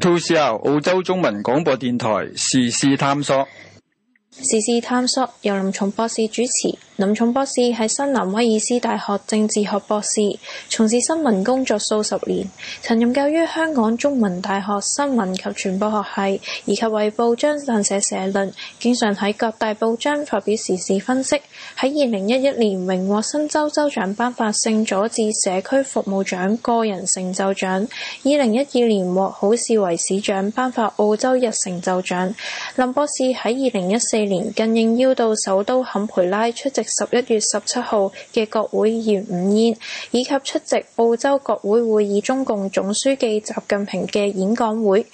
To s h o 澳洲中文廣播電台，時事探索。時事探索由林松博士主持。林重博士係新南威爾斯大學政治學博士，從事新聞工作數十年，曾任教於香港中文大學新聞及傳播學系，以及為報章撰寫社論，經常喺各大報章發表時事分析。喺2011年榮獲新州州長頒發聖佐治社區服務獎個人成就獎，2012年獲好士維市長頒發澳洲日成就獎。林博士喺2014年更應邀到首都坎培拉出席。十一月十七號嘅國會議員午宴，以及出席澳洲國會會議，中共總書記習近平嘅演講會，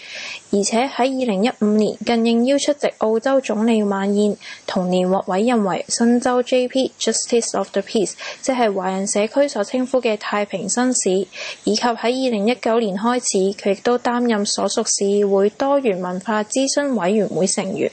而且喺二零一五年，更應邀出席澳洲總理晚宴。同年獲委任為新州 J.P. Justice of the Peace，即係華人社區所稱呼嘅太平紳士，以及喺二零一九年開始，佢亦都擔任所屬市議會多元文化諮詢委員會成員。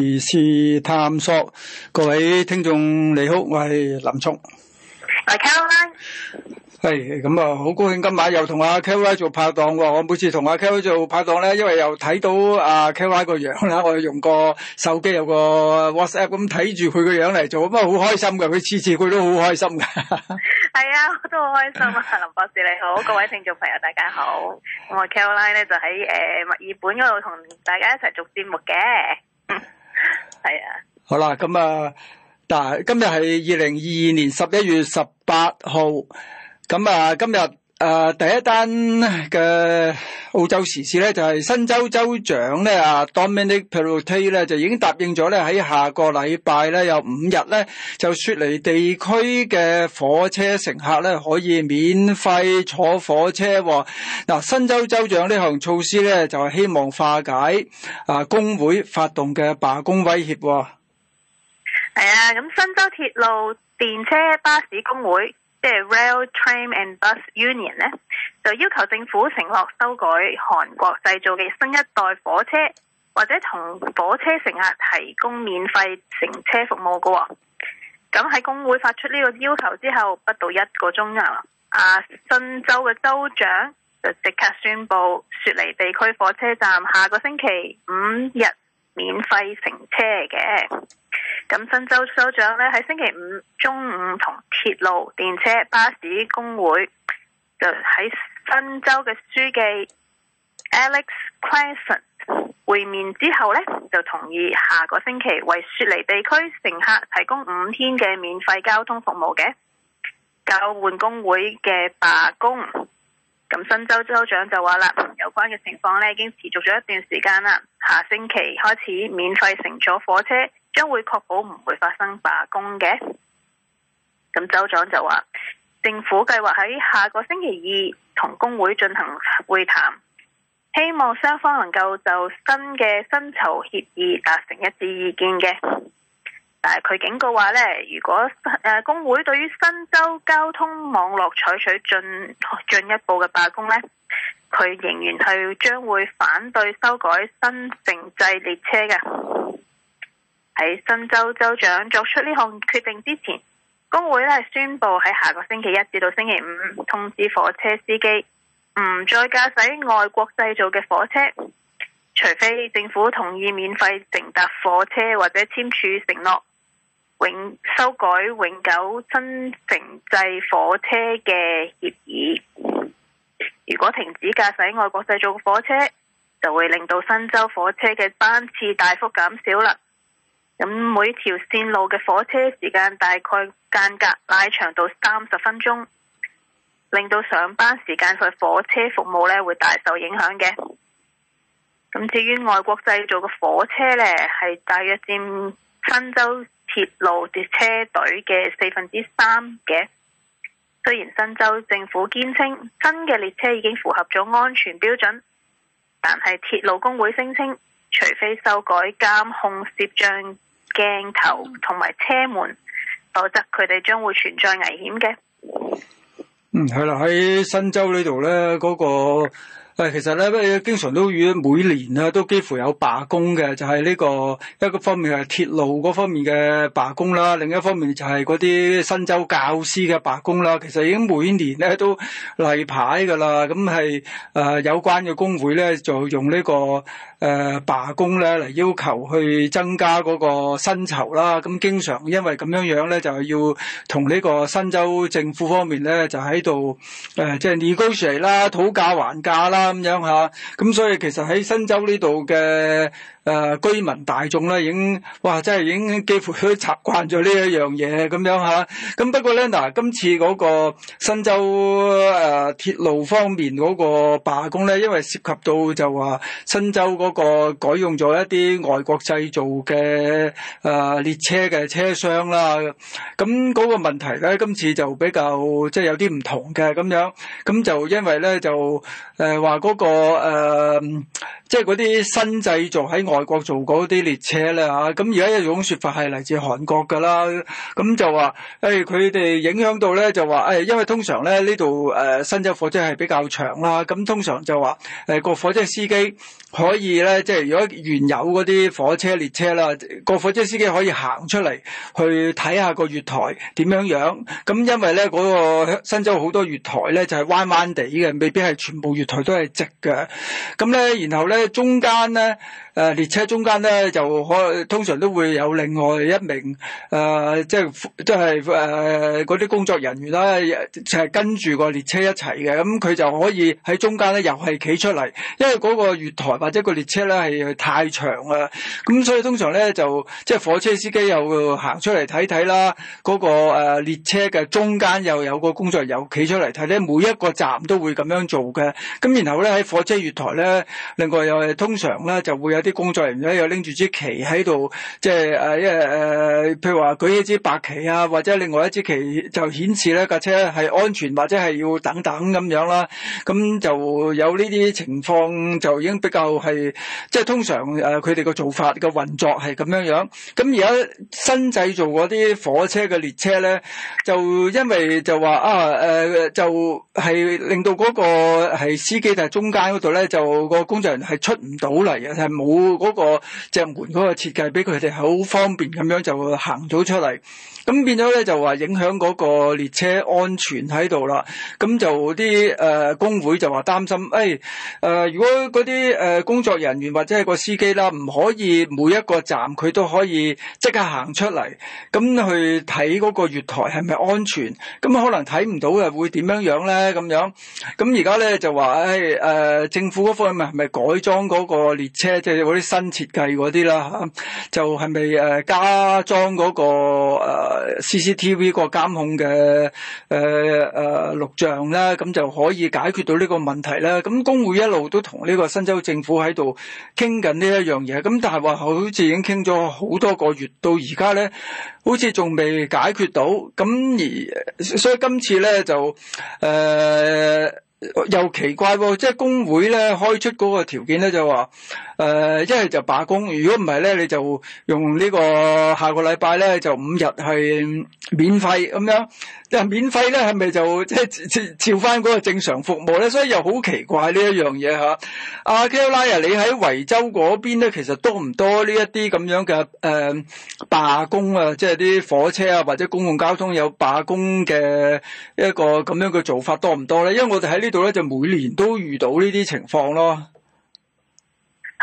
時事探索，各位聽眾你好，我係林聰。大家好啦，係咁啊，好高興今晚又同阿 Kelly 做拍檔喎。我每次同阿 Kelly 做拍檔咧，因為又睇到阿 Kelly 個樣啦，我又用個手機有個 WhatsApp 咁睇住佢個樣嚟做，咁啊好開心噶。佢次次佢都好開心噶。係啊，我都好開心啊，林博士你好，各位聽眾朋友大家好。我 Kelly 咧就喺誒墨爾本嗰度同大家一齊做節目嘅。係啊，好啦，咁啊，嗱，今日係二零二二年十一月十八號，咁啊，今日。誒、啊、第一單嘅澳洲時事咧，就係、是、新州州長咧啊，Dominic Perrottet 咧就已經答應咗咧，喺下個禮拜咧有五日咧，就雪梨地區嘅火車乘客咧可以免費坐火車喎、哦。嗱、啊，新州州長呢項措施咧就係希望化解啊工會發動嘅罷工威脅、哦。係啊，咁新州鐵路電車巴士工會。即係 Rail, Train and Bus Union 咧，就要求政府承諾修改韓國製造嘅新一代火車，或者同火車乘客提供免費乘車服務嘅、哦。咁喺工會發出呢個要求之後，不到一個鐘啊，啊新州嘅州長就即刻宣布雪梨地區火車站下個星期五日。免費乘車嘅。咁新州州長呢，喺星期五中午同鐵路、電車、巴士工會就喺新州嘅書記 Alex Crescent 會面之後呢就同意下個星期為雪梨地區乘客提供五天嘅免費交通服務嘅，交換工會嘅罷工。咁新州州長就話啦，有關嘅情況呢已經持續咗一段時間啦。下星期開始免費乘坐火車，將會確保唔會發生罷工嘅。咁州長就話，政府計劃喺下個星期二同工會進行會談，希望雙方能夠就新嘅薪酬協議達成一致意見嘅。但係佢警告話呢，如果誒，工會對於新州交通網絡採取進進一步嘅罷工呢，佢仍然係將會反對修改新城際列車嘅。喺新州州長作出呢項決定之前，工會呢係宣布喺下個星期一至到星期五通知火車司機唔再駕駛外國製造嘅火車，除非政府同意免費乘搭火車或者簽署承諾，永修改永久新城際火車嘅協議，如果停止駕駛外國製造嘅火車，就會令到新州火車嘅班次大幅減少啦。咁每條綫路嘅火車時間大概間隔拉長到三十分鐘，令到上班時間嘅火車服務咧會大受影響嘅。咁至於外國製造嘅火車呢係大約佔新州。鐵路車隊的車隊嘅四分之三嘅，雖然新州政府堅稱新嘅列車已經符合咗安全標準，但係鐵路工會聲稱，除非修改監控攝像鏡頭同埋車門，否則佢哋將會存在危險嘅。嗯，係啦，喺新州呢度咧，嗰、那個。誒，其實咧，經常都與每年啊，都幾乎有罷工嘅，就係、是、呢、這個一個方面係鐵路嗰方面嘅罷工啦，另一方面就係啲新州教師嘅罷工啦。其實已經每年咧都例牌噶啦，咁係誒有關嘅工會咧就用、這個呃、呢個誒罷工咧嚟要求去增加嗰個薪酬啦。咁經常因為咁樣樣咧，就要同呢個新州政府方面咧就喺度誒即係、呃就是、negotiate 啦，討價還價啦。咁樣吓，咁所以其實喺新州呢度嘅。誒、呃、居民大眾咧，已經哇，真係已經幾乎都習慣咗呢一樣嘢咁樣吓，咁、啊、不過咧，嗱，今次嗰個新州誒鐵路方面嗰個罷工咧，因為涉及到就話新州嗰個改用咗一啲外國製造嘅誒、呃、列車嘅車廂啦。咁嗰個問題咧，今次就比較即係有啲唔同嘅咁樣。咁就因為咧就誒話嗰個誒，即係嗰啲新製造喺外國做嗰啲列車咧，咁而家有種說法係嚟自韓國㗎啦，咁就話佢哋影響到咧，就話、哎、因為通常咧呢度誒、呃、新州火車係比較長啦，咁通常就話誒、呃，那個火車司機可以咧，即係如果原有嗰啲火車列車啦，個火車司機可以行出嚟去睇下個月台點樣樣？咁因為咧嗰，那個新州好多月台咧就係、是、彎彎地嘅，未必係全部月台都係直嘅，咁咧然後咧中間咧。誒，列車中間咧就可通常都會有另外一名誒，即係都係誒啲工作人員啦、呃，就係、是、跟住個列車一齊嘅，咁佢就可以喺中間咧又係企出嚟，因為嗰個月台或者個列車咧係太長啦，咁所以通常咧就即係火車司機又行出嚟睇睇啦，嗰個誒列車嘅中間又有個工作人員企出嚟睇咧，每一個站都會咁樣做嘅，咁然後咧喺火車月台咧，另外又係通常咧就會有。啲工作人員咧又拎住支旗喺度，即係誒因為，誒，譬如話舉一支白旗啊，或者另外一支旗就顯示咧架車係安全，或者係要等等咁樣啦。咁就有呢啲情況就已經比較係即係通常誒佢哋個做法嘅運作係咁樣樣，咁而家新製造啲火車嘅列車咧，就因為就話啊誒、呃、就係、是、令到個係司機就係中間度咧，就個工作人員係出唔到嚟，嘅，係冇。嗰個正門嗰個設計，俾佢哋好方便咁樣就行咗出嚟。咁變咗咧就話影響嗰個列車安全喺度啦，咁就啲誒、呃、工會就話擔心，誒、哎、誒、呃、如果嗰啲誒工作人員或者係個司機啦，唔可以每一個站佢都可以即刻行出嚟，咁去睇嗰個月台係咪安全，咁可能睇唔到呀會點樣樣咧咁樣，咁而家咧就話誒誒政府嗰方面係咪改裝嗰個列車，即係嗰啲新設計嗰啲啦，就係咪誒加裝嗰、嗰個、呃 CCTV 個監控嘅誒誒錄像咧，咁就可以解決到呢個問題啦。咁工會一路都同呢個新州政府喺度傾緊呢一樣嘢，咁但係話好似已經傾咗好多個月，到而家咧，好似仲未解決到。咁而所以今次咧就誒、呃、又奇怪喎，即係工會咧開出嗰個條件咧就話，誒、呃，一係就罷工，如果唔係咧，你就用呢個下個禮拜咧就五日係免費咁樣。即係免費咧，係咪就即係、就是、照翻嗰個正常服務咧？所以又好奇怪呢一樣嘢嚇。阿 Kolaya 你喺維州嗰邊咧，其實多唔多呢一啲咁樣嘅誒、呃、罷工啊？即係啲火車啊或者公共交通有罷工嘅一個咁樣嘅做法多唔多咧？因為我哋喺呢度咧就每年都遇到呢啲情況咯。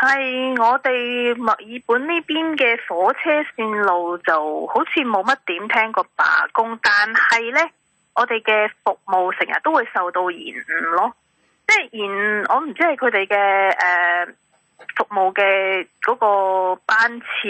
係我哋墨爾本呢邊嘅火車線路，就好似冇乜點聽過罷工，但係呢，我哋嘅服務成日都會受到延誤咯。即係延，我唔知係佢哋嘅誒服務嘅嗰個班次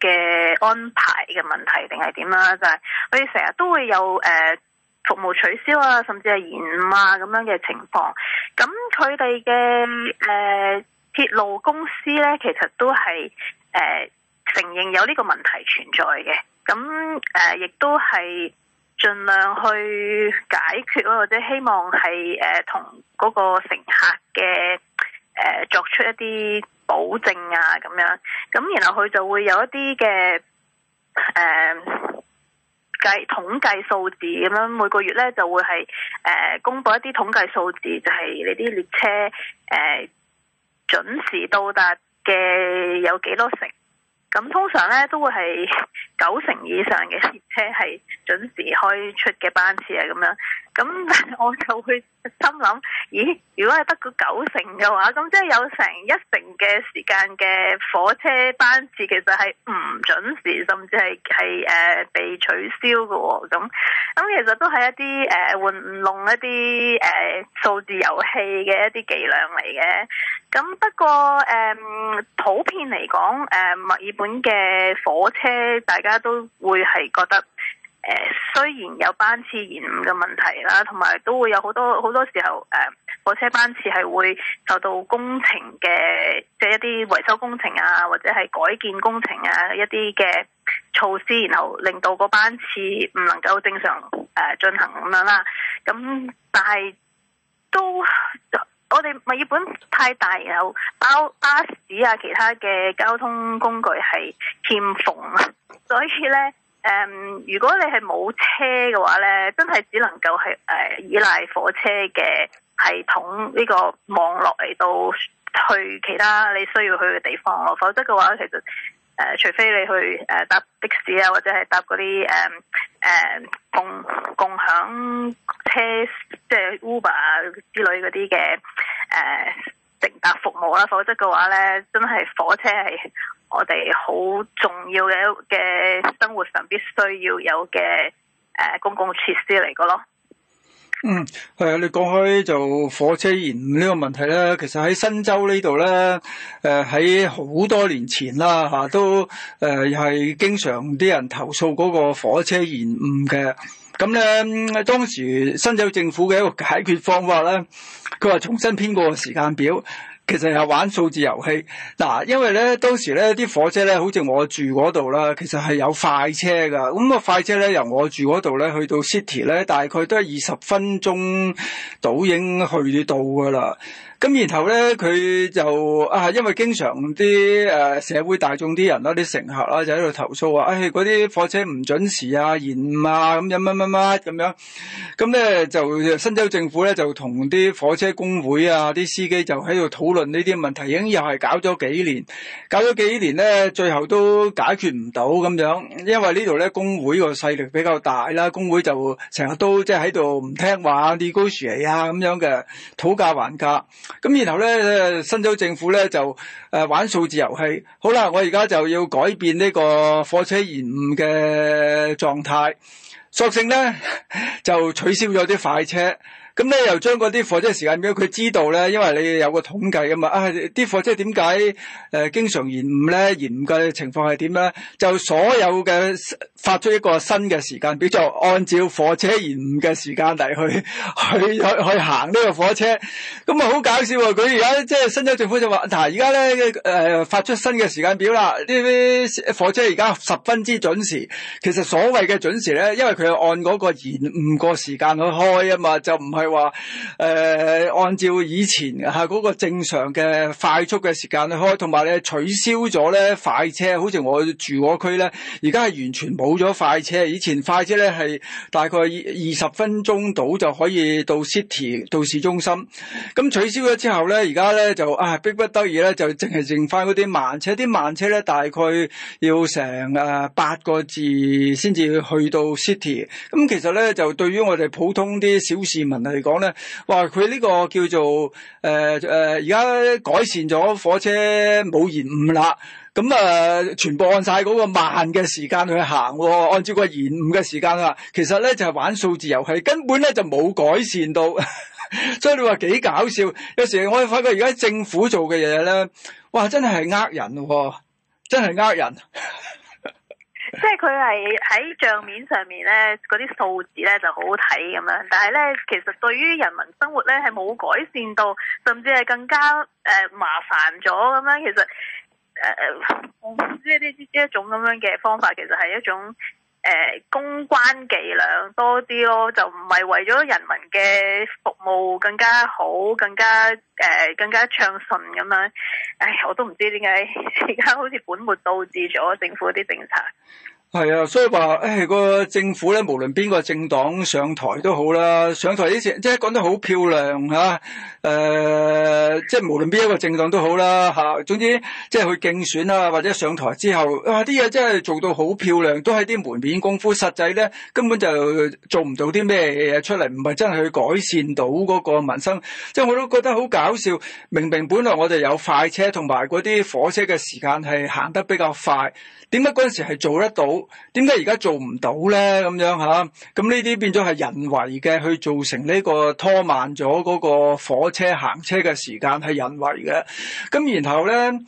嘅安排嘅問題，定係點啦？就係我哋成日都會有誒。呃服務取消啊，甚至係延誤啊咁樣嘅情況，咁佢哋嘅鐵路公司呢，其實都係、呃、承認有呢個問題存在嘅，咁誒亦都係盡量去解決咯，或者希望係誒同嗰個乘客嘅誒、呃、作出一啲保證啊咁樣，咁然後佢就會有一啲嘅計統計數字咁樣，每個月呢就會係誒、呃、公布一啲統計數字，就係、是、你啲列車誒、呃、準時到達嘅有幾多成？咁通常呢都會係九成以上嘅列車係準時開出嘅班次啊，咁樣。咁但係我就會心諗，咦？如果係得個九成嘅話，咁即係有成一成嘅時間嘅火車班次其實係唔準時，甚至係係誒被取消嘅喎、哦。咁咁其實都係一啲誒、呃、玩弄一啲誒數字遊戲嘅一啲伎倆嚟嘅。咁不過誒、呃，普遍嚟講，誒墨爾本嘅火車，大家都會係覺得。誒，雖然有班次延誤嘅問題啦，同埋都會有好多好多時候，誒，火車班次係會受到工程嘅，即係一啲維修工程啊，或者係改建工程啊，一啲嘅措施，然後令到個班次唔能夠正常誒進行咁樣啦。咁但係都我哋物業本太大，然後包巴士啊，其他嘅交通工具係欠奉，所以咧。誒，um, 如果你係冇車嘅話咧，真係只能夠係誒依賴火車嘅系統呢個網絡嚟到去其他你需要去嘅地方咯。否則嘅話，其實誒除非你去誒、呃、搭的士啊，或者係搭嗰啲誒誒共共享車，即係 Uber 啊之類嗰啲嘅誒乘搭服務啦。否則嘅話咧，真係火車係。我哋好重要嘅嘅生活上必須要有嘅誒公共設施嚟嘅咯。嗯，誒你講開就火車延誤呢個問題咧，其實喺新州呢度咧，誒喺好多年前啦嚇、啊、都誒係、呃、經常啲人投訴嗰個火車延誤嘅。咁咧當時新州政府嘅一個解決方法咧，佢話重新編過時間表。其實係玩數字遊戲嗱，因為咧當時咧啲火車咧，好似我住嗰度啦，其實係有快車噶，咁個快車咧由我住嗰度咧去到 city 咧，大概都係二十分鐘倒影去到噶啦。咁然後咧，佢就啊，因為經常啲誒社會大眾啲人啦，啲乘客啦，就喺度投訴話，唉，嗰啲火車唔準時啊，延誤啊，咁樣乜乜乜咁樣。咁、嗯、咧就新州政府咧就同啲火車工會啊，啲司機就喺度討論呢啲問題，已經又係搞咗幾年，搞咗幾年咧，最後都解決唔到咁樣，因為呢度咧工會個勢力比較大啦，工會就成日都即係喺度唔聽話，逆高嚟啊咁樣嘅討價還價。咁然後咧，新州政府咧就、呃、玩數字遊戲。好啦，我而家就要改變呢個火車延誤嘅狀態，索性咧就取消咗啲快車。咁咧又將嗰啲火車時間表佢知道咧，因為你有個統計啊嘛，啊啲火車點解誒經常延誤咧？延誤嘅情況係點咧？就所有嘅發出一個新嘅時間表，就按照火車延誤嘅時間嚟去去去去行呢個火車。咁啊好搞笑啊！佢而家即係新州政府就話、是，嗱而家咧誒發出新嘅時間表啦，呢啲火車而家十分之準時。其實所謂嘅準時咧，因為佢係按嗰個延誤個時間去開啊嘛，就唔係。話誒、呃、按照以前吓、嗰個正常嘅快速嘅時間去開，同埋咧取消咗咧快車。好似我住我區咧，而家係完全冇咗快車。以前快車咧係大概二二十分鐘到就可以到 city 到市中心。咁取消咗之後咧，而家咧就啊逼不得已咧，就淨係剩翻啲慢車。啲慢車咧大概要成誒八個字先至去到 city。咁其實咧就對於我哋普通啲小市民啊～嚟講咧，哇！佢呢個叫做誒誒，而家改善咗火車冇延誤啦。咁啊，全部按曬嗰個慢嘅時間去行喎，按照個延誤嘅時間啊，其實咧就係玩數字遊戲，根本咧就冇改善到，呵呵，所以你話幾搞笑。有時我哋發覺而家政府做嘅嘢咧，哇！真係呃人喎，真係呃人。即係佢係喺帳面上面咧，嗰啲數字咧就好好睇咁樣，但係咧其實對於人民生活咧係冇改善到，甚至係更加誒、呃、麻煩咗咁樣。其實誒，我唔知呢呢呢一種咁樣嘅方法，其實係一種。誒、呃、公關伎倆多啲咯，就唔係為咗人民嘅服務更加好，更加誒、呃、更加暢順咁樣。唉，我都唔知點解而家好似本末倒置咗政府啲政策。係啊，所以話誒、哎那個政府咧，無論邊個政黨上台都好啦，上台之前即係講得好漂亮吓，誒、啊呃、即係無論邊一個政黨都好啦吓、啊，總之即係去競選啦，或者上台之後啊啲嘢真係做到好漂亮，都係啲門面功夫，實際咧根本就做唔到啲咩嘢出嚟，唔係真係去改善到嗰個民生。即係我都覺得好搞笑，明明本來我哋有快車同埋嗰啲火車嘅時間係行得比較快。點解嗰陣時係做得到？點解而家做唔到咧？咁樣嚇，咁呢啲變咗係人為嘅，去造成呢個拖慢咗嗰個火車行車嘅時間係人為嘅。咁然後咧，誒、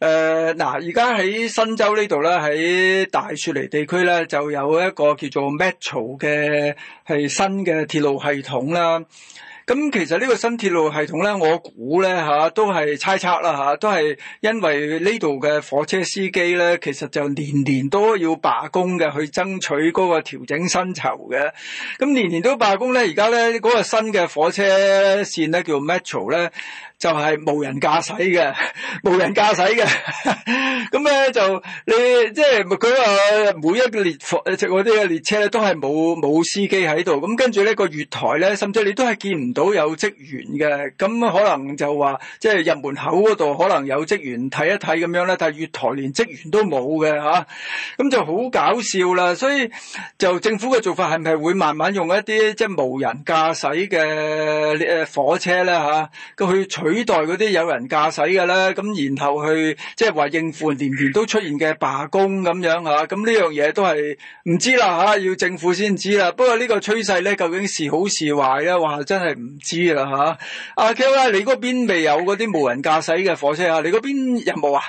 呃、嗱，而家喺新州呢度咧，喺大雪梨地區咧，就有一個叫做 Metro 嘅係新嘅鐵路系統啦。咁其實呢個新鐵路系統咧，我估咧，嚇都係猜測啦嚇，都係因為呢度嘅火車司機咧，其實就年年都要罷工嘅，去爭取嗰個調整薪酬嘅。咁年年都罷工咧，而家咧，嗰個新嘅火車線咧，叫 Metro 咧。就係無人駕駛嘅，無人駕駛嘅，咁咧就你即係佢話每一列火，誒，即係嗰啲列車咧都係冇冇司機喺度，咁跟住呢個月台咧，甚至你都係見唔到有職員嘅，咁、嗯、可能就話即係入門口嗰度可能有職員睇一睇咁樣咧，但係月台連職員都冇嘅吓，咁、啊嗯、就好搞笑啦。所以就政府嘅做法係咪會慢慢用一啲即係無人駕駛嘅誒火車咧吓，咁、啊、去除取代嗰啲有人駕駛嘅咧，咁然後去即係話應付年年都出現嘅罷工咁樣嚇，咁呢樣嘢都係唔知啦嚇，要政府先知啦。不過呢個趨勢咧，究竟係好係壞咧？哇，真係唔知啦嚇。阿、啊、Kel，你嗰邊未有嗰啲無人駕駛嘅火車啊？你嗰邊有冇啊？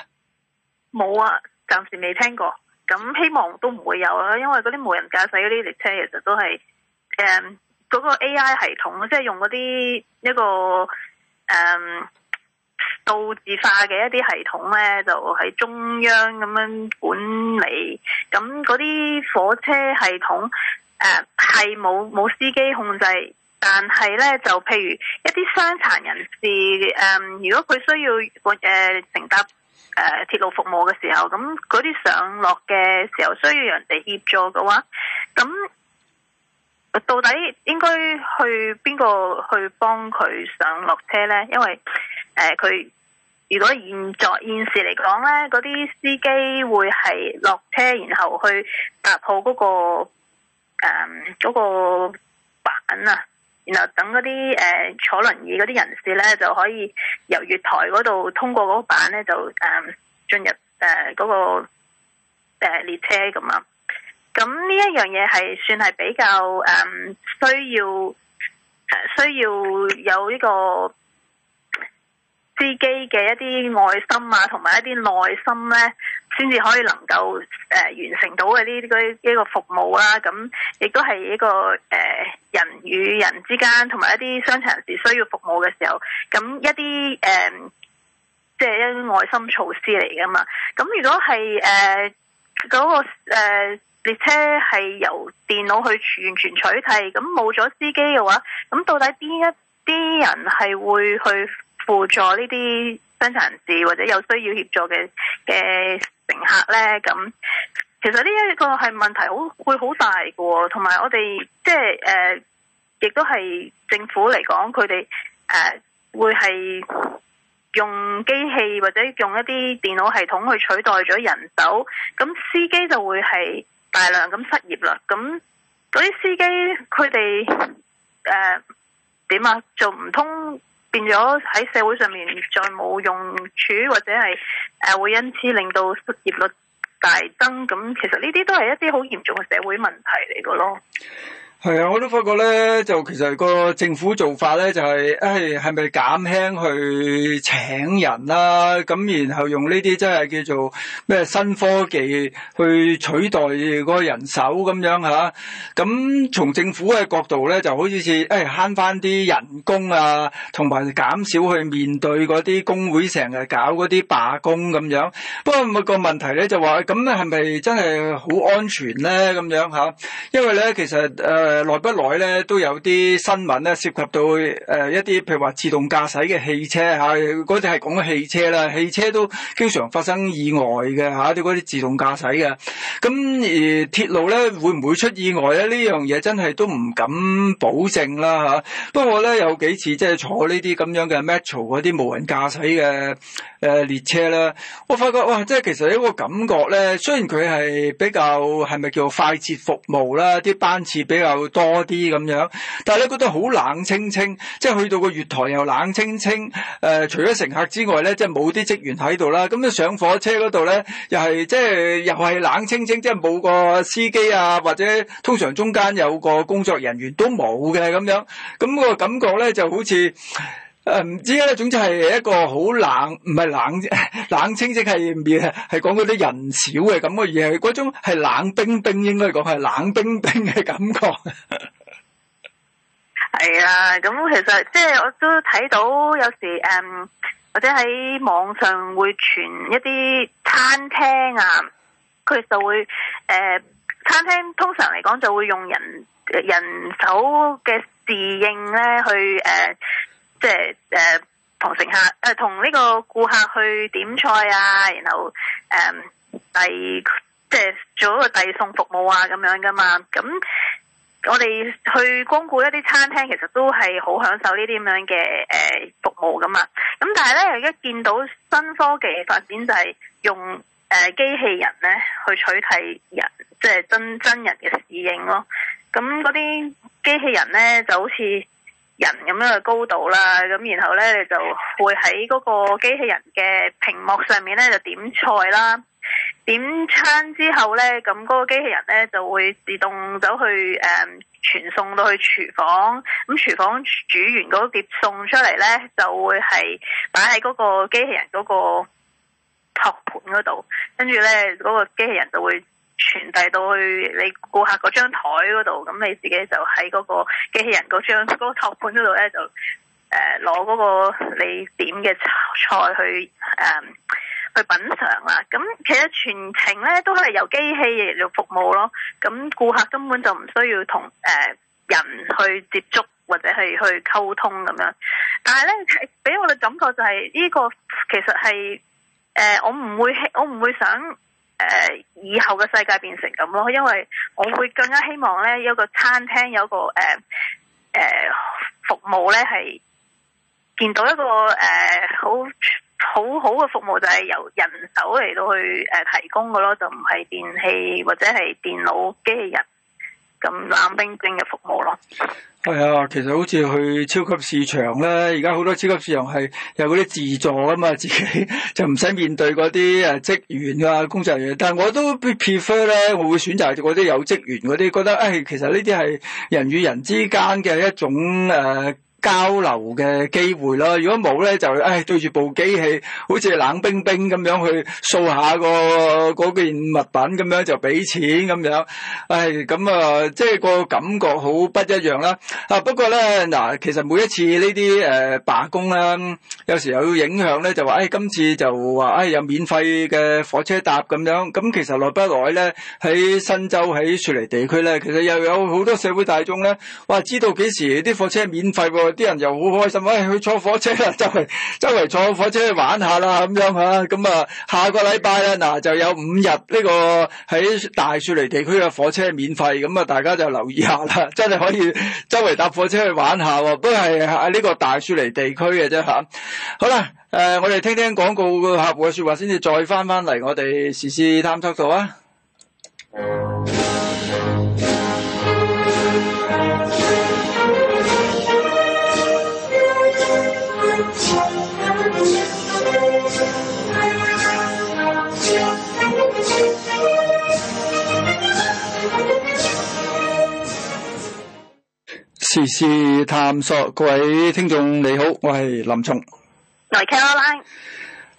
冇啊，暫時未聽過。咁希望都唔會有啦，因為嗰啲無人駕駛嗰啲列車其實都係誒嗰個 AI 系統，即係用嗰啲一個。誒，數、嗯、字化嘅一啲系統咧，就喺中央咁樣管理。咁嗰啲火車系統誒係冇冇司機控制，但係咧就譬如一啲傷殘人士誒、嗯，如果佢需要我誒、呃、乘搭誒鐵、呃、路服務嘅時候，咁嗰啲上落嘅時候需要人哋協助嘅話，咁。到底應該去邊個去幫佢上落車呢？因為誒，佢、呃、如果現在現時嚟講呢，嗰啲司機會係落車，然後去搭好嗰個誒、呃，嗰個板啊，然後等嗰啲誒坐輪椅嗰啲人士呢，就可以由月台嗰度通過嗰個板呢，就誒進、呃、入誒嗰、呃嗰個誒、呃、列車咁啊。咁呢一樣嘢係算係比較誒需要，需要有呢個司機嘅一啲愛心啊，同埋一啲耐心咧，先至可以能夠誒、呃、完成到嘅呢啲一個服務啦、啊。咁亦都係一個誒、呃、人與人之間，同埋一啲商場時，需要服務嘅時候，咁一啲誒即係一啲愛心措施嚟噶嘛。咁如果係誒嗰個誒。呃列車係由電腦去完全，全取替，咁冇咗司機嘅話，咁到底邊一啲人係會去輔助呢啲身殘人士或者有需要協助嘅嘅乘客呢？咁其實呢一個係問題好會好大嘅，同埋，哦、我哋即係誒，亦、呃、都係政府嚟講，佢哋誒會係用機器或者用一啲電腦系統去取代咗人手，咁司機就會係大量咁失業啦，咁嗰啲司機，佢哋誒點啊，做唔通變咗喺社會上面再冇用處或者係誒會因此令到失業率大增，咁其實呢啲都係一啲好嚴重嘅社會問題嚟嘅咯。係啊，我都發覺咧，就其實個政府做法咧，就是，就係誒，係咪減輕去請人啦，啊？咁然後用呢啲真係叫做咩新科技去取代嗰個人手咁樣吓，啊？咁從政府嘅角度咧，就好似似誒慳翻啲人工啊，同埋減少去面對嗰啲工會成日搞嗰啲罷工咁樣。不過個問題咧就話咁係咪真係好安全咧？咁樣吓，啊？因為咧其實誒。呃誒來不來咧，都有啲新聞咧，涉及到誒一啲，譬如話自動駕駛嘅汽車嚇，嗰啲係講汽車啦，汽車都經常發生意外嘅嚇，啲嗰啲自動駕駛嘅。咁而鐵路咧，會唔會出意外咧？呢樣嘢真係都唔敢保證啦嚇，不過咧，有幾次即係坐呢啲咁樣嘅 metro 嗰啲無人駕駛嘅誒列車啦。我發覺哇，即係其實一個感覺咧，雖然佢係比較係咪叫快捷服務啦，啲班次比較。多啲咁樣，但係咧覺得好冷清清，即係去到個月台又冷清清，誒、呃，除咗乘客之外咧，即係冇啲職員喺度啦，咁樣上火車嗰度咧，又係即係又係冷清清，即係冇個司機啊，或者通常中間有個工作人員都冇嘅咁樣，咁、個感覺咧就好似。誒，唔、嗯、知咧，總之係一個好冷，唔係冷，冷清清係，係講嗰啲人少嘅咁嘅嘢，嗰種係冷冰冰，應該講係冷冰冰嘅感覺。係 啊，咁其實即係我都睇到，有時誒、嗯，或者喺網上會傳一啲餐廳啊，佢就會誒、呃，餐廳通常嚟講就會用人人手嘅侍應咧去誒。呃即係誒，同、呃、乘客誒，同、呃、呢個顧客去點菜啊，然後誒，第即係做一個遞送服務啊，咁樣噶嘛。咁我哋去光顧一啲餐廳，其實都係好享受呢啲咁樣嘅誒、呃、服務噶嘛。咁但係咧，而家見到新科技發展就，就係用誒機器人咧去取代人，即係真真人嘅侍應咯。咁嗰啲機器人咧就好似。人咁樣嘅高度啦，咁然後咧你就會喺嗰個機器人嘅屏幕上面咧就點菜啦，點餐之後咧，咁嗰個機器人咧就會自動走去誒傳、嗯、送到去廚房，咁廚房煮完嗰碟送出嚟咧就會係擺喺嗰個機器人嗰個托盤嗰度，跟住咧嗰個機器人就會。傳遞到去你顧客嗰張台嗰度，咁你自己就喺嗰個機器人嗰張嗰托盤嗰度呢，就誒攞嗰個你點嘅菜去誒、呃、去品嘗啦。咁其實全程呢，都係由機器嚟做服務咯。咁顧客根本就唔需要同誒、呃、人去接觸或者係去溝通咁樣。但係呢，俾我嘅感覺就係、是、呢、呢個其實係誒、呃、我唔會我唔會想。誒，以後嘅世界變成咁咯，因為我會更加希望咧，一個餐廳有個誒誒、呃呃、服務咧，係見到一個誒、呃、好好好嘅服務，就係、是、由人手嚟到去誒提供嘅咯，就唔係電器或者係電腦機器人。咁冷冰冰嘅服務咯，係啊、哎，其實好似去超級市場咧，而家好多超級市場係有嗰啲自助啊嘛，自己就唔使面對嗰啲職員啊，工作人員，但我都 prefer 咧，我會選擇嗰啲有職員嗰啲，覺得、哎、其實呢啲係人與人之間嘅一種、呃交流嘅機會啦，如果冇咧就唉對住部機器，好似冷冰冰咁樣去掃下個嗰件物品咁樣就俾錢咁樣，唉咁啊、呃，即係個感覺好不一樣啦。啊不過咧嗱，其實每一次、呃、罷呢啲誒罷工咧，有時有影響咧，就話唉今次就話唉有免費嘅火車搭咁樣，咁其實耐不耐咧喺新州喺雪梨地區咧，其實又有好多社會大眾咧，哇知道幾時啲火車免費喎。有啲人又好開心，喂、哎，去坐火車啦，周圍周圍坐火車去玩下啦，咁樣吓，咁啊，下個禮拜啦，嗱，就有五日呢個喺大雪梨地區嘅火車免費，咁啊，大家就留意下啦，真係可以周圍搭火車去玩下，不過係喺呢個大雪梨地區嘅啫吓。好啦，誒、呃，我哋聽聽廣告個客戶嘅說話先至再翻翻嚟，我哋試試探索到啊。時事探索，各位聽眾你好，我係林松，我係卡羅拉。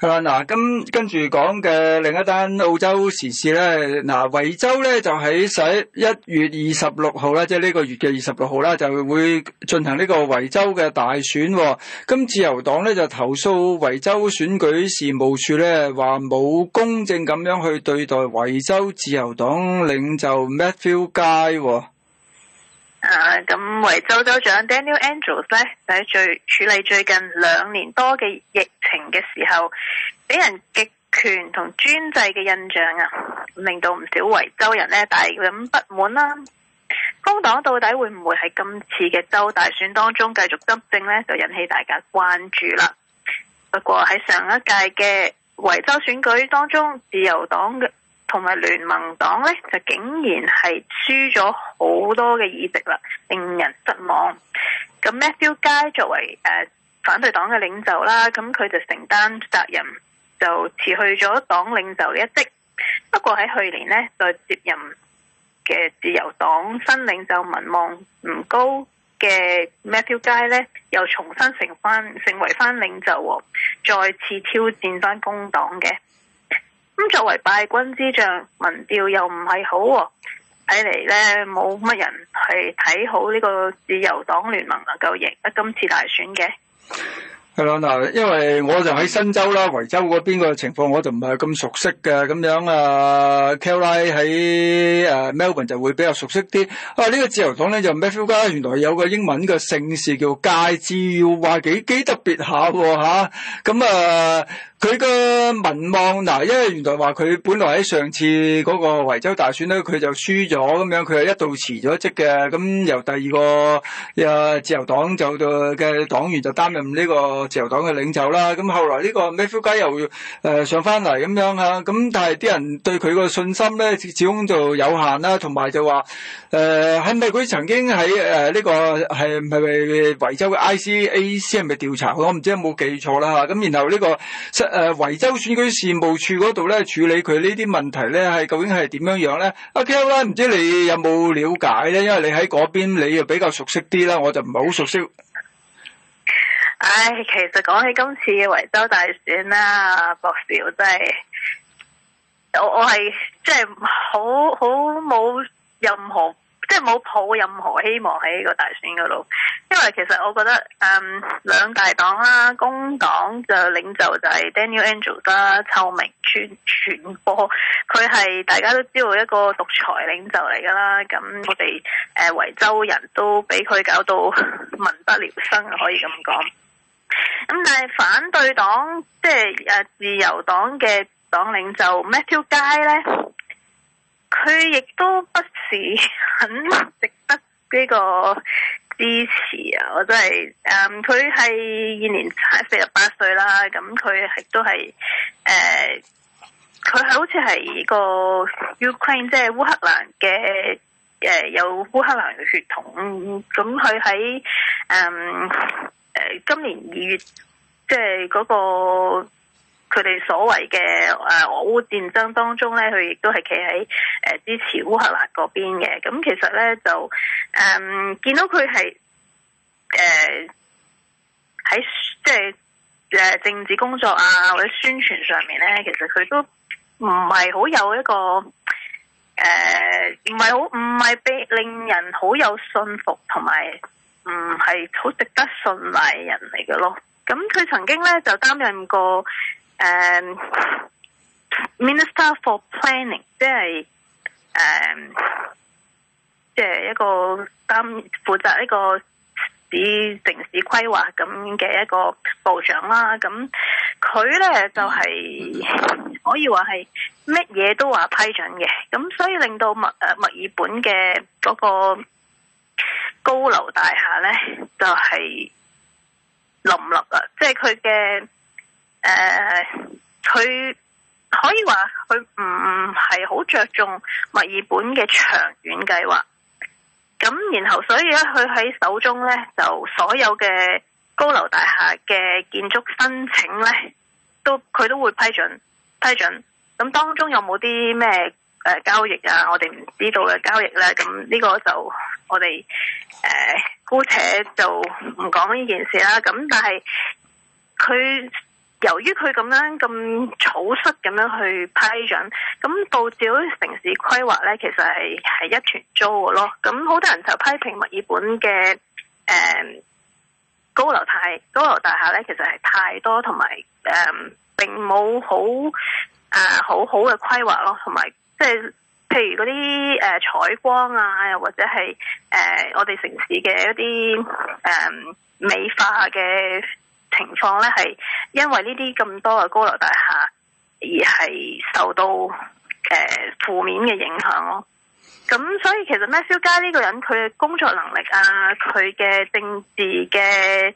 係 啦樂，嗱，咁跟住講嘅另一單澳洲時事咧，嗱，維州咧就喺十一月二十六號啦，即係呢個月嘅二十六號啦，就會進行呢個維州嘅大選，哦。咁自由黨咧就投訴維州選舉事務處咧話冇公正咁樣去對待維州自由黨領袖 Matthew Guy，哦。啊，咁維州州長 Daniel Andrews 呢就喺最處理最近兩年多嘅疫情嘅時候，俾人極權同專制嘅印象啊，令到唔少維州人呢大咁不滿啦、啊。工黨到底會唔會喺今次嘅州大選當中繼續執政呢？就引起大家關注啦。不過喺上一屆嘅維州選舉當中，自由黨嘅。同埋聯盟黨咧，就竟然係輸咗好多嘅議席啦，令人失望。咁 Matthew 街作為誒、呃、反對黨嘅領袖啦，咁佢就承擔責任，就辭去咗黨領袖嘅一職。不過喺去年呢，就接任嘅自由黨新領袖民望唔高嘅 Matthew 街呢，又重新成翻成為翻領袖，再次挑戰翻工黨嘅。咁作為敗軍之將，民調又唔係好喎，睇嚟呢，冇乜人係睇好呢個自由黨聯盟能夠贏得今次大選嘅。嗱、嗯，因為我就喺新州啦，維州嗰邊個情況我就唔係咁熟悉嘅，咁樣啊，Kelley 喺 Melbourne 就會比較熟悉啲。啊，呢、呢個自由黨咧就 Matthew 家原來有個英文嘅姓氏叫 Guy，幾幾特別下喎，咁啊，佢、啊、個民望嗱、啊，因為原來話佢本來喺上次嗰個維州大選咧，佢就輸咗咁樣，佢係一度辭咗職嘅。咁由第二個、啊、自由黨就嘅黨員就擔任呢、呢個。自由黨嘅領袖啦，咁後來呢個 m i f f a e l 雞又誒、呃、上返嚟咁樣嚇，咁但係啲人對佢個信心咧，始終就有限啦。同埋就話係咪佢曾經喺呢個係咪維州嘅 ICAC 係咪調查佢？我唔知有冇記錯啦嚇。咁然後呢、這個誒、呃、維州選舉事務處嗰度呢，處理佢呢啲問題呢，係究竟係點樣樣咧？阿、啊、Kel，唔知你有冇了解呢？因為你喺嗰邊，你又比較熟悉啲啦，我就唔係好熟悉。唉，其實講起今次嘅維州大選啦、啊，博少真係，我我係即係好好冇任何，即係冇抱任何希望喺呢個大選嗰度，因為其實我覺得，嗯，兩大黨啦、啊，工黨就領袖就係 Daniel Andrews、啊、啦，臭名傳傳播，佢係大家都知道一個獨裁領袖嚟噶啦，咁我哋誒維州人都俾佢搞到民不聊生，可以咁講。咁但係反對黨即係誒自由黨嘅黨領袖 Matthew Guy 咧，佢亦都不是很值得呢個支持啊！我真係誒，佢係現年四十八歲啦。咁佢係都係誒，佢、呃、係好似係個 Ukraine，即係烏克蘭嘅誒、呃，有烏克蘭嘅血統。咁佢喺誒。呃誒、呃，今年二月，即係嗰個佢哋所謂嘅誒俄烏戰爭當中咧，佢亦都係企喺誒支持烏克蘭嗰邊嘅。咁其實咧就誒、呃、見到佢係誒喺即係誒、呃、政治工作啊或者宣傳上面咧，其實佢都唔係好有一個誒唔係好唔係俾令人好有信服同埋，還有唔係好值得信賴人嚟嘅咯。咁佢曾經咧就擔任過誒、嗯、Minister for Planning，即係誒即係一個擔負責一個市城市規劃咁嘅一個部長啦。咁佢咧就係、是、可以話係乜嘢都話批准嘅。咁所以令到墨誒、呃、墨爾本嘅嗰、那個。高樓大廈呢就係林立啦，即係佢嘅，佢可以話佢唔係好着重墨爾本嘅長遠計劃。咁然後所以呢，佢喺手中呢，就所有嘅高樓大廈嘅建築申請呢，都佢都會批准批准。咁當中有冇啲咩？誒、呃，交易啊，我哋唔知道嘅交易咧、啊，咁呢個就我哋誒、呃，姑且就唔講呢件事啦、啊。咁但係佢由於佢咁樣咁草率咁樣去批准，咁導致城市規劃咧，其實係係一團糟嘅咯。咁好多人就批評墨爾本嘅誒、呃、高樓大高樓大廈咧，其實係太多，同埋誒並冇、呃、好誒好好嘅規劃咯，同埋。即係譬如嗰啲誒採光啊，又或者係誒、呃、我哋城市嘅一啲誒、呃、美化嘅情況咧，係因為呢啲咁多嘅高樓大廈而係受到誒、呃、負面嘅影響咯、啊。咁所以其實 Matthew Guy 呢個人佢嘅工作能力啊，佢嘅政治嘅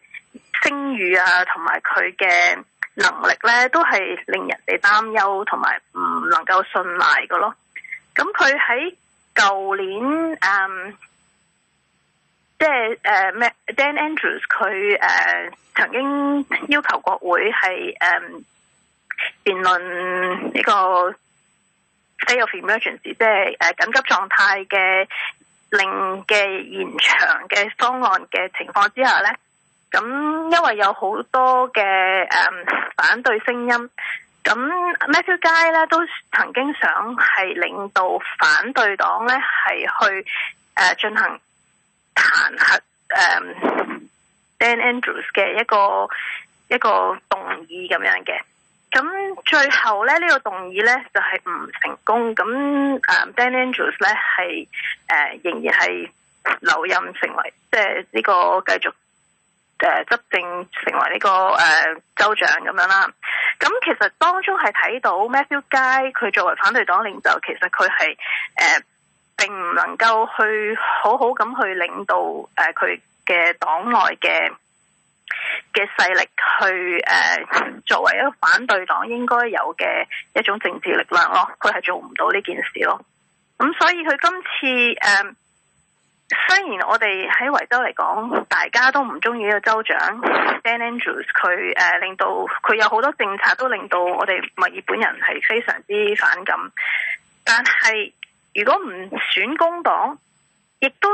聲譽啊，同埋佢嘅。能力咧都係令人哋擔憂同埋唔能夠信賴嘅咯。咁佢喺舊年誒即係誒咩？Dan Andrews 佢誒、嗯、曾經要求國會係誒辯論呢個 state of emergency，即係誒緊急狀態嘅令嘅延長嘅方案嘅情況之下咧。咁因為有好多嘅誒、um, 反對聲音，咁 Matthew Guy 咧都曾經想係領導反對黨咧係去誒進、uh, 行彈劾誒、um, Dan Andrews 嘅一個一個動議咁樣嘅，咁最後咧呢、這個動議咧就係、是、唔成功，咁誒、um, Dan Andrews 咧係誒、uh, 仍然係留任成為即係呢個繼續。誒、呃，執政成為呢、這個誒、呃、州長咁樣啦。咁、嗯、其實當中係睇到 Matthew Guy 佢作為反對黨領袖，其實佢係誒並唔能夠去好好咁去領導誒佢嘅黨內嘅嘅勢力去誒、呃，作為一個反對黨應該有嘅一種政治力量咯。佢係做唔到呢件事咯。咁、嗯、所以佢今次誒。呃雖然我哋喺維州嚟講，大家都唔中意呢個州長 Dan Andrews，佢誒、呃、令到佢有好多政策都令到我哋墨爾本人係非常之反感。但係如果唔選工黨，亦都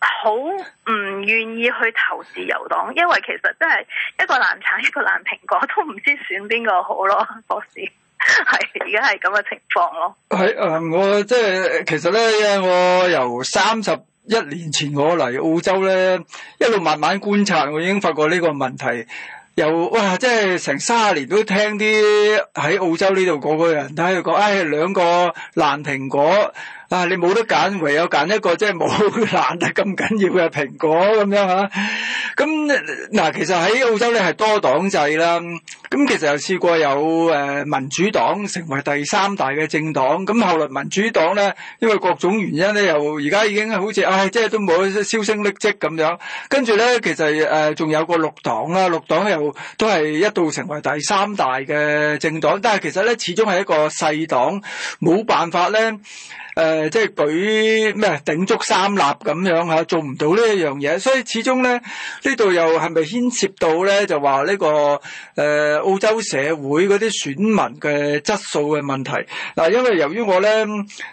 好唔願意去投自由黨，因為其實真係一個難產，一個爛蘋果，都唔知道選邊個好咯。博士係而家係咁嘅情況咯。係誒，我即係其實咧，我由三十。一年前我嚟澳洲咧，一路慢慢觀察，我已經發覺呢個問題，又哇，即係成三十年都聽啲喺澳洲呢度個個人喺度講，誒兩個爛蘋果。啊！你冇得揀，唯有揀一個即係冇爛得咁緊要嘅蘋果咁樣嚇。咁嗱，其實喺澳洲咧係多黨制啦。咁其實又試過有誒民主黨成為第三大嘅政黨。咁後來民主黨咧，因為各種原因咧，又而家已經好似唉，即係都冇消聲匿跡咁樣。跟住咧，其實誒仲有個綠黨啦，綠黨又都係一度成為第三大嘅政黨。但係其實咧，始終係一個細黨，冇辦法咧誒。即係舉咩頂足三立咁樣吓做唔到呢一樣嘢，所以始終咧呢度又係咪牽涉到咧就話呢、呢個誒、呃、澳洲社會嗰啲選民嘅質素嘅問題嗱、呃？因為由於我咧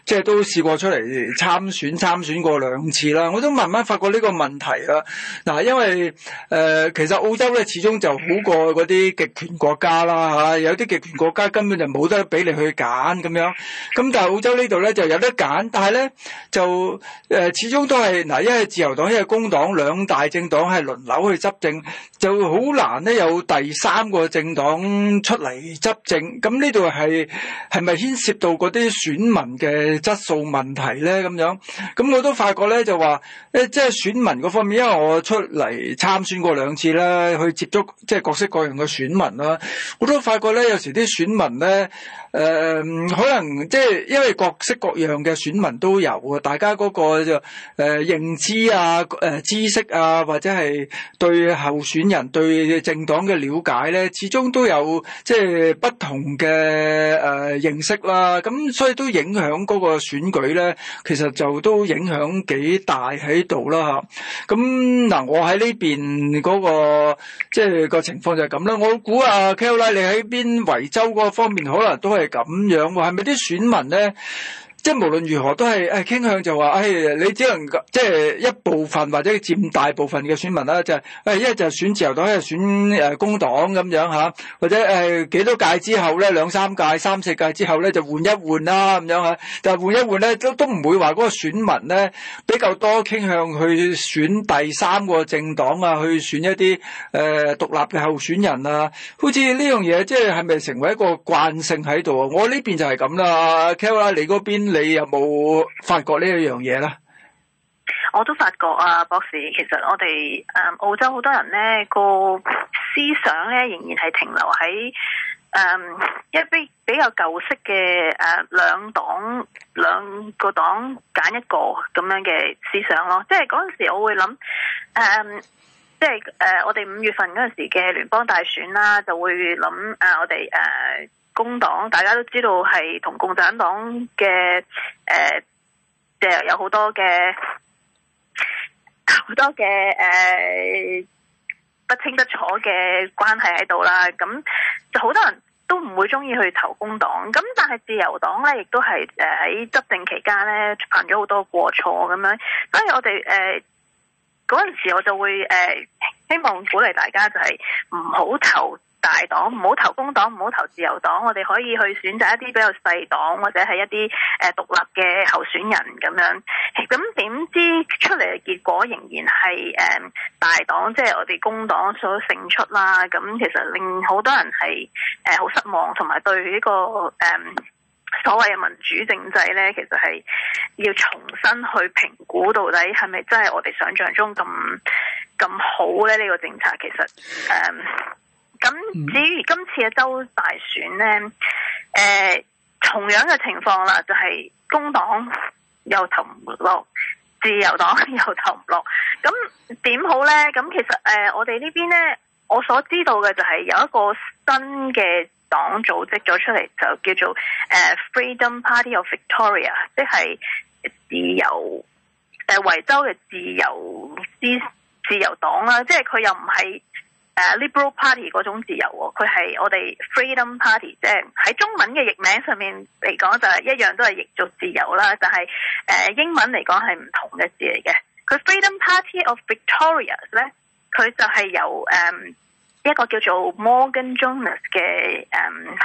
即係都試過出嚟參選，參選過兩次啦，我都慢慢發覺呢個問題啦嗱、呃。因為誒、呃、其實澳洲咧始終就好過嗰啲極權國家啦吓、啊、有啲極權國家根本就冇得俾你去揀咁樣，咁但係澳洲呢度咧就有得揀。但係咧就誒、呃、始終都係嗱，因為自由黨、因為工黨兩大政黨係輪流去執政，就好難咧有第三個政黨出嚟執政。咁呢度係係咪牽涉到嗰啲選民嘅質素問題咧？咁樣咁我都發覺咧，就話誒，即係選民嗰方面，因為我出嚟參選過兩次啦，去接觸即係、就是、各式各樣嘅選民啦、啊，我都發覺咧，有時啲選民咧。誒、呃，可能即係因為各式各樣嘅選民都有啊，大家，嗰個就誒、呃、認知啊、誒、呃、知識啊，或者係對候選人、對政黨嘅了解咧，始終都有即係不同嘅誒、呃、認識啦。咁所以都影響個選舉咧，其實就都影響幾大喺度啦。吓，咁、呃、嗱，我喺呢邊個即係個情況就係咁啦。我估啊，Kelley 你喺邊維州個方面可能都係係咁樣，係咪啲選民咧？即係無論如何都係誒傾向就話誒、哎、你只能夠即係一部分或者佔大部分嘅選民啦，就係、是、誒、哎、一就選自由黨一就選誒工黨咁樣吓，或者誒、呃、幾多屆之後咧，兩三屆三四屆之後咧就換一換啦咁樣吓，但係換一換咧都都唔會話嗰個選民咧比較多傾向去選第三個政黨啊，去選一啲誒、呃、獨立嘅候選人啊。好似呢樣嘢即係係咪成為一個慣性喺度啊？我呢邊就係咁啦 Kelley 你嗰邊？你有冇發覺這件事呢一樣嘢咧？我都發覺啊，博士，其實我哋誒、嗯、澳洲好多人咧、個思想咧仍然係停留喺誒、嗯、一啲比較舊式嘅誒、啊、兩黨兩個黨揀一個咁樣嘅思想咯。即係嗰陣時我想、嗯啊，我會諗誒，即係誒我哋五月份嗰陣時嘅聯邦大選啦、啊，就會諗誒、啊、我哋誒。啊工黨大家都知道係同共產黨嘅，誒嘅有好多嘅好多嘅誒、呃、不清不楚嘅關係喺度啦，咁就好多人都唔會中意去投工黨，咁但係自由黨呢亦都係誒喺執政期間呢犯咗好多過錯咁樣，所以我哋誒嗰陣時我就會誒、呃、希望鼓勵大家就係唔好投。大黨唔好投工黨，唔好投自由黨，我哋可以去選擇一啲比較細黨或者係一啲誒獨立嘅候選人咁樣。咁點知出嚟嘅結果仍然係誒大黨，即係我哋工黨所勝出啦。咁其實令好多人係誒好失望，同埋對呢個誒所謂嘅民主政制咧，其實係要重新去評估到底係咪真係我哋想象中咁咁好咧？呢個政策其實咁至於今次嘅州大選咧，誒、呃、同樣嘅情況啦，就係、是、工黨又投唔落，自由黨又投唔落，咁點好咧？咁其實、呃、我哋呢邊咧，我所知道嘅就係有一個新嘅黨組織咗出嚟，就叫做、呃、Freedom Party of Victoria，即係自由誒、呃、維州嘅自由自由黨啦，即係佢又唔係。Uh, Liberal Party 嗰種自由喎、哦，佢係我哋 Freedom Party，即係喺中文嘅譯名上面嚟講就一樣都係譯做自由啦，但、就、係、是 uh, 英文嚟講係唔同嘅字嚟嘅。佢 Freedom Party of Victoria 咧，佢就係由誒一個叫做 Morgan Jonas 嘅誒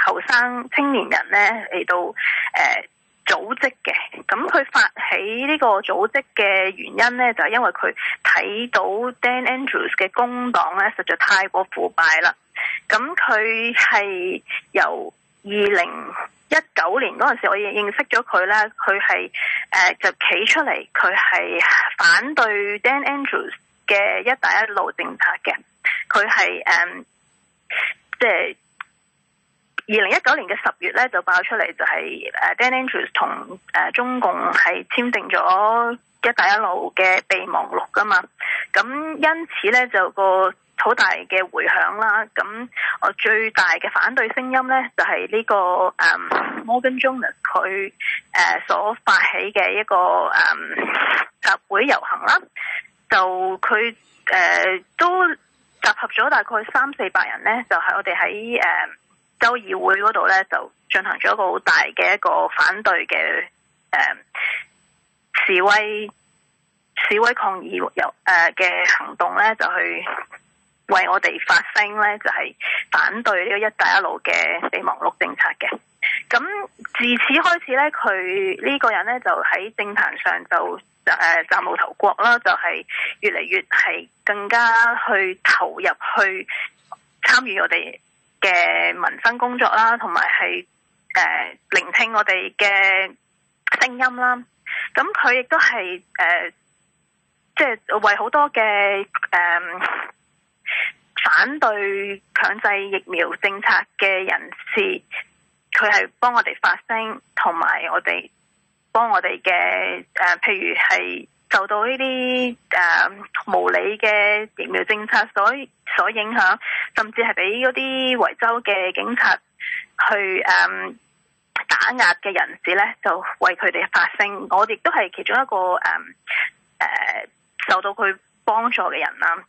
後、um, 生青年人咧嚟到誒。Uh, 組織嘅，咁佢發起呢個組織嘅原因呢，就係因為佢睇到 Dan Andrews 嘅工黨呢，實在太過腐敗啦。咁佢係由二零一九年嗰陣時，我認認識咗佢咧，佢係、呃、就企出嚟，佢係反對 Dan Andrews 嘅一帶一路政策嘅，佢係誒即。呃二零一九年嘅十月咧，就爆出嚟就係誒 Dan Andrews 同誒中共係簽訂咗一帶一路嘅備忘錄噶嘛，咁因此咧就個好大嘅迴響啦。咁我最大嘅反對聲音咧、這個，就係呢個誒 Morgan Jones 佢誒所發起嘅一個誒、um, 集會遊行啦。就佢誒、uh, 都集合咗大概三四百人咧，就係、是、我哋喺誒。Uh, 州議會嗰度咧，就進行咗一個好大嘅一個反對嘅誒、呃、示威示威抗議遊誒嘅行動咧，就去為我哋發聲咧，就係、是、反對呢個一帶一路嘅死亡六政策嘅。咁自此開始咧，佢呢個人咧就喺政壇上就誒、呃、嶄露頭角啦，就係、是、越嚟越係更加去投入去參與我哋。嘅民生工作啦，同埋係誒聆聽我哋嘅聲音啦。咁佢亦都係誒，即、呃、係、就是、為好多嘅誒、呃、反對強制疫苗政策嘅人士，佢係幫我哋發聲，同埋我哋幫我哋嘅誒，譬如係，受到呢啲誒無理嘅疫苗政策所所影響，甚至係俾嗰啲維州嘅警察去誒、嗯、打壓嘅人士咧，就為佢哋發聲。我哋都係其中一個誒誒、嗯嗯、受到佢幫助嘅人啦。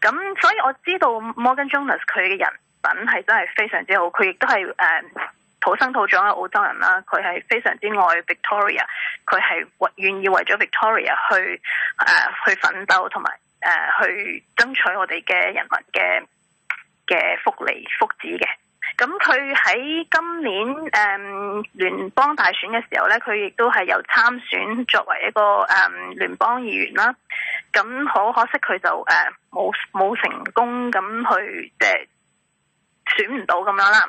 咁所以我知道 Morgan Jones 佢嘅人品係真係非常之好，佢亦都係誒。嗯土生土長嘅澳洲人啦，佢係非常之愛 Victoria，佢係願意為咗 Victoria 去、呃、去奮鬥，同埋、呃、去爭取我哋嘅人民嘅嘅福利福祉嘅。咁佢喺今年誒、呃、聯邦大選嘅時候咧，佢亦都係有參選作為一個誒、呃、聯邦議員啦。咁好可惜佢就誒冇冇成功咁去即、呃選唔到咁樣啦，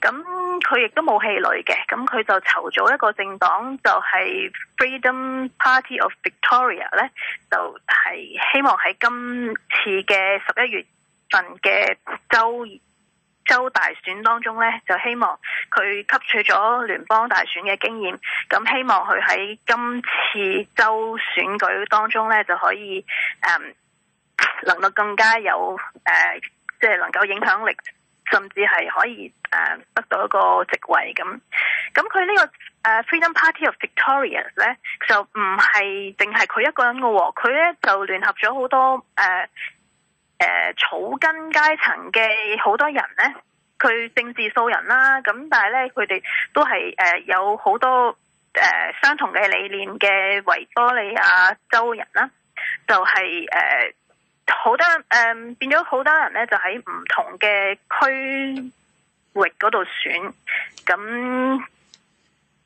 咁佢亦都冇氣餒嘅，咁佢就籌咗一個政黨，就係、是、Freedom Party of Victoria 呢就係希望喺今次嘅十一月份嘅州州大選當中呢就希望佢吸取咗聯邦大選嘅經驗，咁希望佢喺今次州選舉當中呢就可以，嗯，能夠更加有誒，即、呃、係、就是、能夠影響力。甚至係可以誒、uh, 得到一個職位咁，咁佢呢個、uh, Freedom Party of Victoria 咧，就唔係淨係佢一個人嘅喎，佢咧就聯合咗好多誒、uh, uh, 草根階層嘅好多人咧，佢政治素人啦，咁但係咧佢哋都係、uh, 有好多誒相、uh, 同嘅理念嘅維多利亞州人啦，就係、是、誒。Uh, 好多誒、呃，變咗好多人咧，就喺唔同嘅區域嗰度選，咁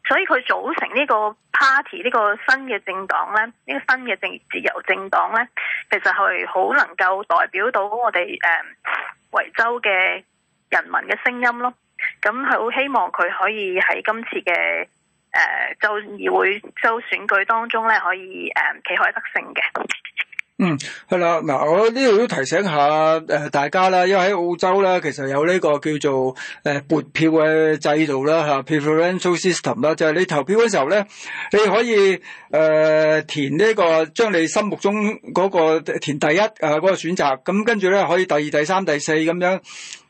所以佢組成呢個 party，呢個新嘅政黨咧，呢、這個新嘅政自由政黨咧，其實係好能夠代表到我哋誒維州嘅人民嘅聲音咯。咁係好希望佢可以喺今次嘅誒、呃、州議會州選舉當中咧，可以誒旗開得勝嘅。嗯，係啦，嗱，我呢度都提醒下誒大家啦，因為喺澳洲咧，其實有呢個叫做誒撥票嘅制度啦，吓 preferential system 啦，就係你投票嘅時候咧，你可以誒、呃、填呢、這個將你心目中嗰、那個填第一誒嗰、那個選擇，咁跟住咧可以第二、第三、第四咁樣。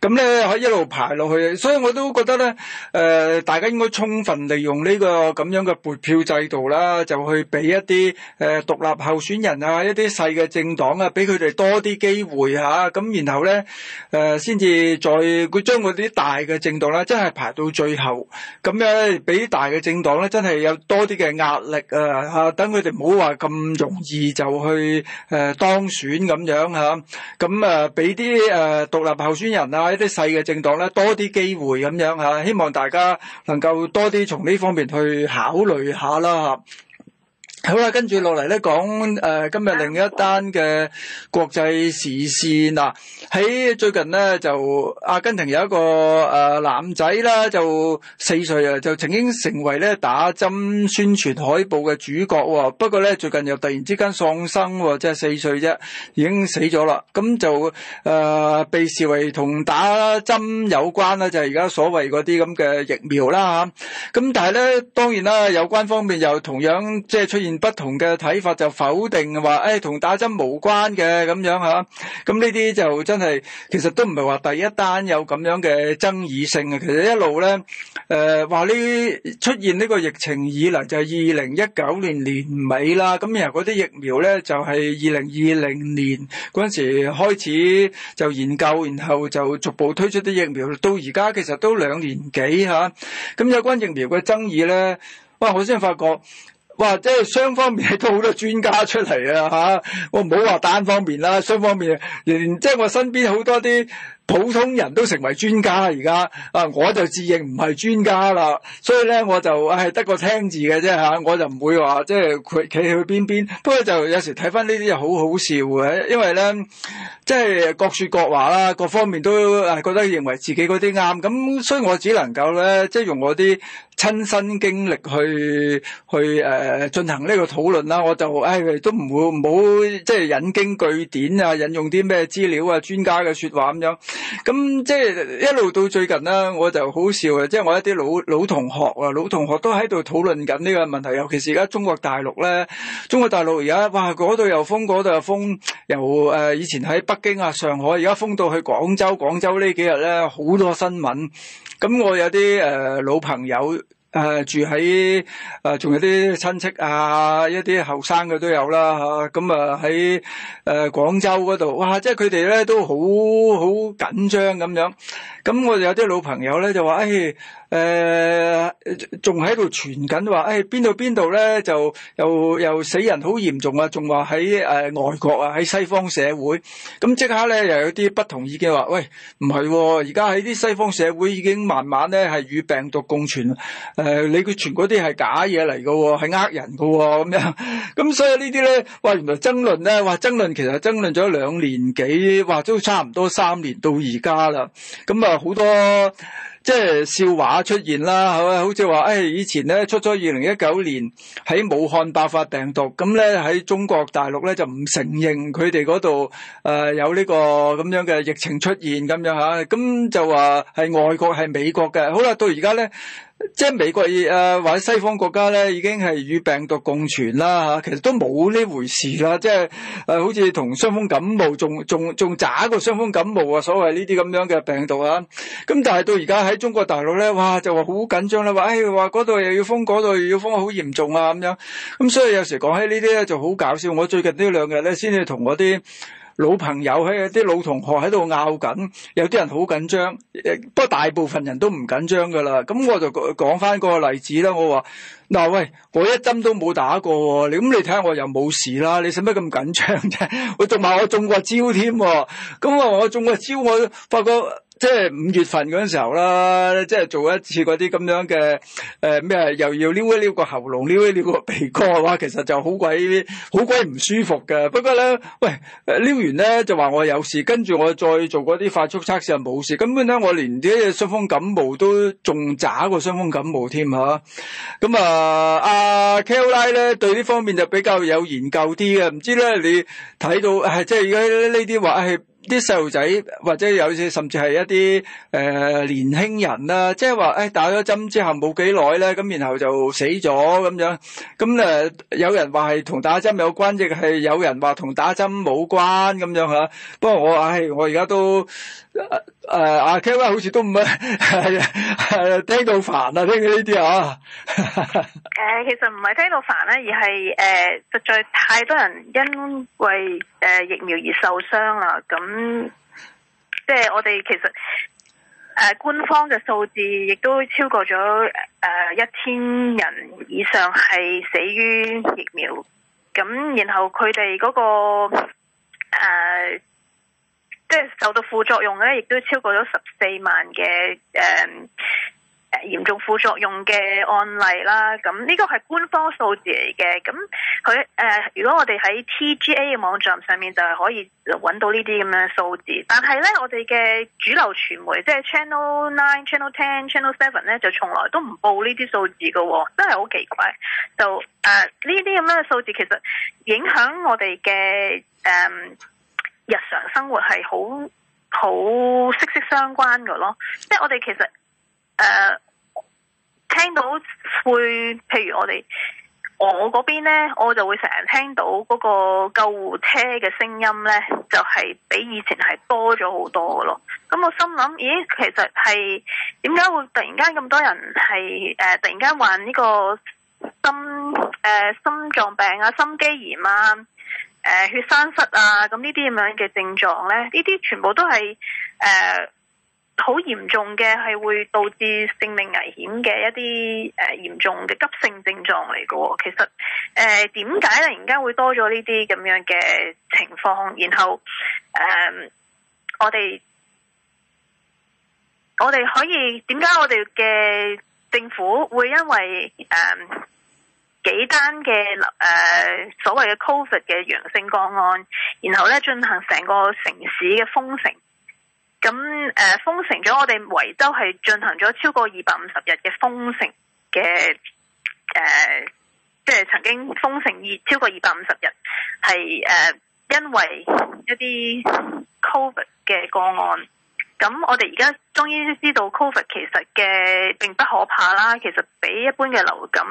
咁咧，可以一路排落去，所以我都覺得咧，誒、呃、大家應該充分利用呢、這個咁樣嘅撥票制度啦，就去俾一啲誒獨立候選人啊，一啲細嘅政黨啊，俾佢哋多啲機會吓、啊，咁然後咧，誒先至再佢將嗰啲大嘅政黨咧，真係排到最後，咁咧，俾大嘅政黨咧，真係有多啲嘅壓力啊，吓等佢哋唔好話咁容易就去誒、呃、當選咁樣吓咁啊，俾啲誒獨立候選人啊。一啲細嘅政黨咧，多啲機會咁樣吓，希望大家能夠多啲從呢方面去考慮下啦吓。好啦，跟住落嚟咧，講誒、呃、今日另一單嘅國際時事嗱，喺最近咧就阿根廷有一個誒、呃、男仔啦，就四歲啊，就曾經成為咧打針宣傳海報嘅主角喎、哦。不過咧最近又突然之間喪生喎、哦，即係四歲啫，已經死咗啦。咁就誒、呃、被視為同打針有關啦，就係而家所謂嗰啲咁嘅疫苗啦吓咁、啊、但係咧當然啦，有關方面又同樣即係出現。不同嘅睇法，就否定話誒同打針無關嘅咁樣吓，咁呢啲就真係其實都唔係話第一單有咁樣嘅爭議性啊。其實一路咧，誒話呢出現呢個疫情以嚟，就係二零一九年年尾啦。咁然後嗰啲疫苗咧就係二零二零年嗰陣時，開始就研究，然後就逐步推出啲疫苗。到而家其實都兩年幾吓，咁、啊、有關疫苗嘅爭議咧，哇！我先發覺。哇！即係雙方面都好多專家出嚟啊，吓，我唔好話單方面啦，雙方面連即係、就是、我身邊好多啲。普通人都成為專家而家，啊，我就自認唔係專家啦，所以咧我就係得個聽字嘅啫嚇，我就唔會話即係佢企去邊邊。不過就有時睇翻呢啲嘢好好笑嘅，因為咧即係各說各話啦，各方面都誒覺得認為自己嗰啲啱，咁所以我只能夠咧即係用我啲親身經歷去去誒進行呢個討論啦。我就誒、哎、都唔會唔好即係引經據典啊，引用啲咩資料啊、專家嘅説話咁樣。咁即係一路到最近啦，我就好笑啊！即係我一啲老老同學啊，老同學都喺度討論緊呢個問題。尤其是而家中國大陸咧，中國大陸而家哇，嗰度又封，嗰度又封，由、呃、以前喺北京啊、上海，而家封到去廣州，廣州呢幾日咧好多新聞。咁我有啲、呃、老朋友。誒、呃，住喺誒，仲、呃、有啲親戚啊，一啲後生嘅都有啦吓，咁啊喺誒廣州嗰度，哇！即係佢哋咧都好好緊張咁樣。咁我哋有啲老朋友咧就話，誒、哎，仲喺度傳緊話，誒邊度邊度咧就又又死人好嚴重啊！仲話喺誒外國啊，喺西方社會。咁即刻咧又有啲不同意見話，喂，唔係、哦，而家喺啲西方社會已經慢慢咧係與病毒共存、呃。你佢傳嗰啲係假嘢嚟㗎，喎係呃人㗎、哦，喎咁樣。咁所以呢啲咧，話原來爭論咧，話爭論其實爭論咗兩年幾，話都差唔多三年到而家啦。咁啊～好多即係、就是、笑話出現啦，係好似話誒，以前咧出咗二零一九年喺武漢爆發病毒，咁咧喺中國大陸咧就唔承認佢哋嗰度誒有呢個咁樣嘅疫情出現咁樣吓，咁就話係外國係美國嘅。好啦，到而家咧。即係美國誒、啊、或者西方國家咧，已經係與病毒共存啦吓，其實都冇呢回事啦。即係誒、啊，好似同傷風感冒仲仲仲渣過傷風感冒啊！所謂呢啲咁樣嘅病毒啊，咁、嗯、但係到而家喺中國大陸咧，哇就話好緊張啦，話誒話嗰度又要封，嗰度又要封，好嚴重啊咁樣。咁、嗯、所以有時講起呢啲咧就好搞笑。我最近兩呢兩日咧先至同我啲老朋友喺啲老同學喺度拗緊，有啲人好緊張，不過大部分人都唔緊張㗎啦。咁我就講翻個例子啦。我話嗱，喂，我一針都冇打過喎，你咁你睇下我又冇事啦。你使乜咁緊張啫？我仲話我中過招添，咁我話我中過招，我發覺。即係五月份嗰陣時候啦，即係做一次嗰啲咁樣嘅誒咩，又要撩一撩個喉嚨，撩一撩個鼻哥嘅話，其實就好鬼好鬼唔舒服嘅。不過咧，喂，誒撩完咧就話我有事，跟住我再做嗰啲快速測試就冇事，根本咧我連啲傷風感冒都仲渣過傷風感冒添下咁啊，阿、啊、Kelly 咧對呢方面就比較有研究啲嘅，唔知咧你睇到即係而家呢啲話係。啲細路仔或者有時甚至係一啲誒、呃、年輕人啦，即係話誒打咗針之後冇幾耐咧，咁然後就死咗咁樣。咁誒有人話係同打針有關，亦係有人話同打針冇關咁樣嚇。不過我誒，我而家都。呃誒啊！K、uh, 好似都唔係誒聽到煩啦，聽佢呢啲啊。誒 ，uh, 其實唔係聽到煩咧，而係誒，uh, 實在太多人因為誒、uh, 疫苗而受傷啦。咁即係我哋其實誒、uh, 官方嘅數字亦都超過咗誒一千人以上係死於疫苗。咁然後佢哋嗰個、uh, 即係受到副作用咧，亦都超過咗十四萬嘅誒、嗯、嚴重副作用嘅案例啦。咁呢個係官方數字嚟嘅。咁佢誒，如果我哋喺 TGA 嘅網站上面就可以揾到呢啲咁樣嘅數字。但係咧，我哋嘅主流傳媒，即係 Ch Channel Nine、Channel Ten、Channel Seven 咧，就從來都唔報呢啲數字嘅，真係好奇怪。就誒呢啲咁樣嘅數字，其實影響我哋嘅誒。嗯日常生活係好好息息相關嘅咯，即係我哋其實誒、呃、聽到會，譬如我哋我嗰邊咧，我就會成日聽到嗰個救護車嘅聲音咧，就係、是、比以前係多咗好多嘅咯。咁我心諗，咦，其實係點解會突然間咁多人係誒、呃、突然間患呢個心誒、呃、心臟病啊、心肌炎啊？誒、呃，血栓塞啊，咁呢啲咁樣嘅症狀咧，呢啲全部都係誒好嚴重嘅，係會導致性命危險嘅一啲誒、呃、嚴重嘅急性症狀嚟嘅，哦。其實誒，點解突然間會多咗呢啲咁樣嘅情況？然後誒、呃，我哋我哋可以點解我哋嘅政府會因為誒？呃幾單嘅誒所謂嘅 Covid 嘅陽性個案，然後咧進行成個城市嘅封城。咁誒、呃、封城咗，我哋維州係進行咗超過二百五十日嘅封城嘅誒，即、呃、係、就是、曾經封城二超過二百五十日，係、呃、誒因為一啲 Covid 嘅個案。咁我哋而家終於知道 Covid 其實嘅並不可怕啦，其實比一般嘅流感。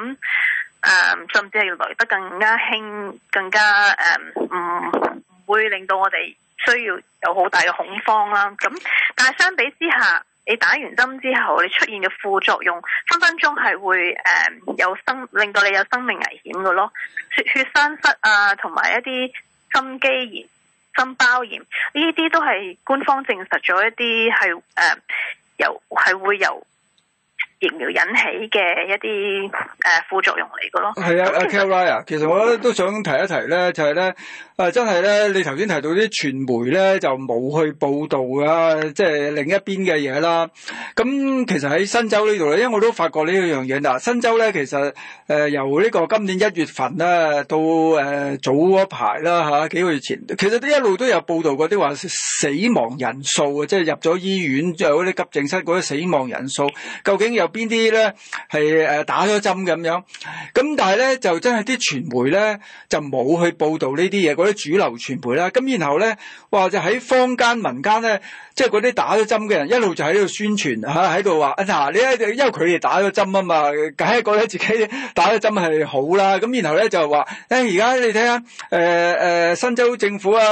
誒，um, 甚至係嚟得更加輕，更加誒，唔、um, 唔會令到我哋需要有好大嘅恐慌啦。咁但係相比之下，你打完針之後，你出現嘅副作用，分分鐘係會誒、um, 有生，令到你有生命危險嘅咯。血血栓塞啊，同、uh, 埋一啲心肌炎、心包炎，呢啲都係官方證實咗一啲係誒有係會有。疫苗引起嘅一啲誒、呃、副作用嚟嘅咯，係啊，阿 Kelly 啊，其實我都想提一提咧，就係咧。啊、真係咧，你頭先提到啲傳媒咧就冇去報道啊，即係另一邊嘅嘢啦。咁、嗯、其實喺新州呢度咧，因為我都發覺呢一樣嘢嗱，新州咧其實誒、呃、由呢個今年一月份咧到誒、呃、早嗰排啦吓、啊、幾個月前，其實都一路都有報道過啲話死亡人數啊，即係入咗醫院有嗰啲急症室嗰啲死亡人數，究竟有邊啲咧係誒打咗針咁樣？咁、嗯、但係咧就真係啲傳媒咧就冇去報道呢啲嘢主流傳媒啦，咁然後咧，話就喺坊間民間咧，即係嗰啲打咗針嘅人一路就喺度宣傳吓喺度話啊，嗱你咧因為佢哋打咗針啊嘛，梗係覺得自己打咗針係好啦。咁然後咧就話，誒而家你睇下、呃、新州政府啊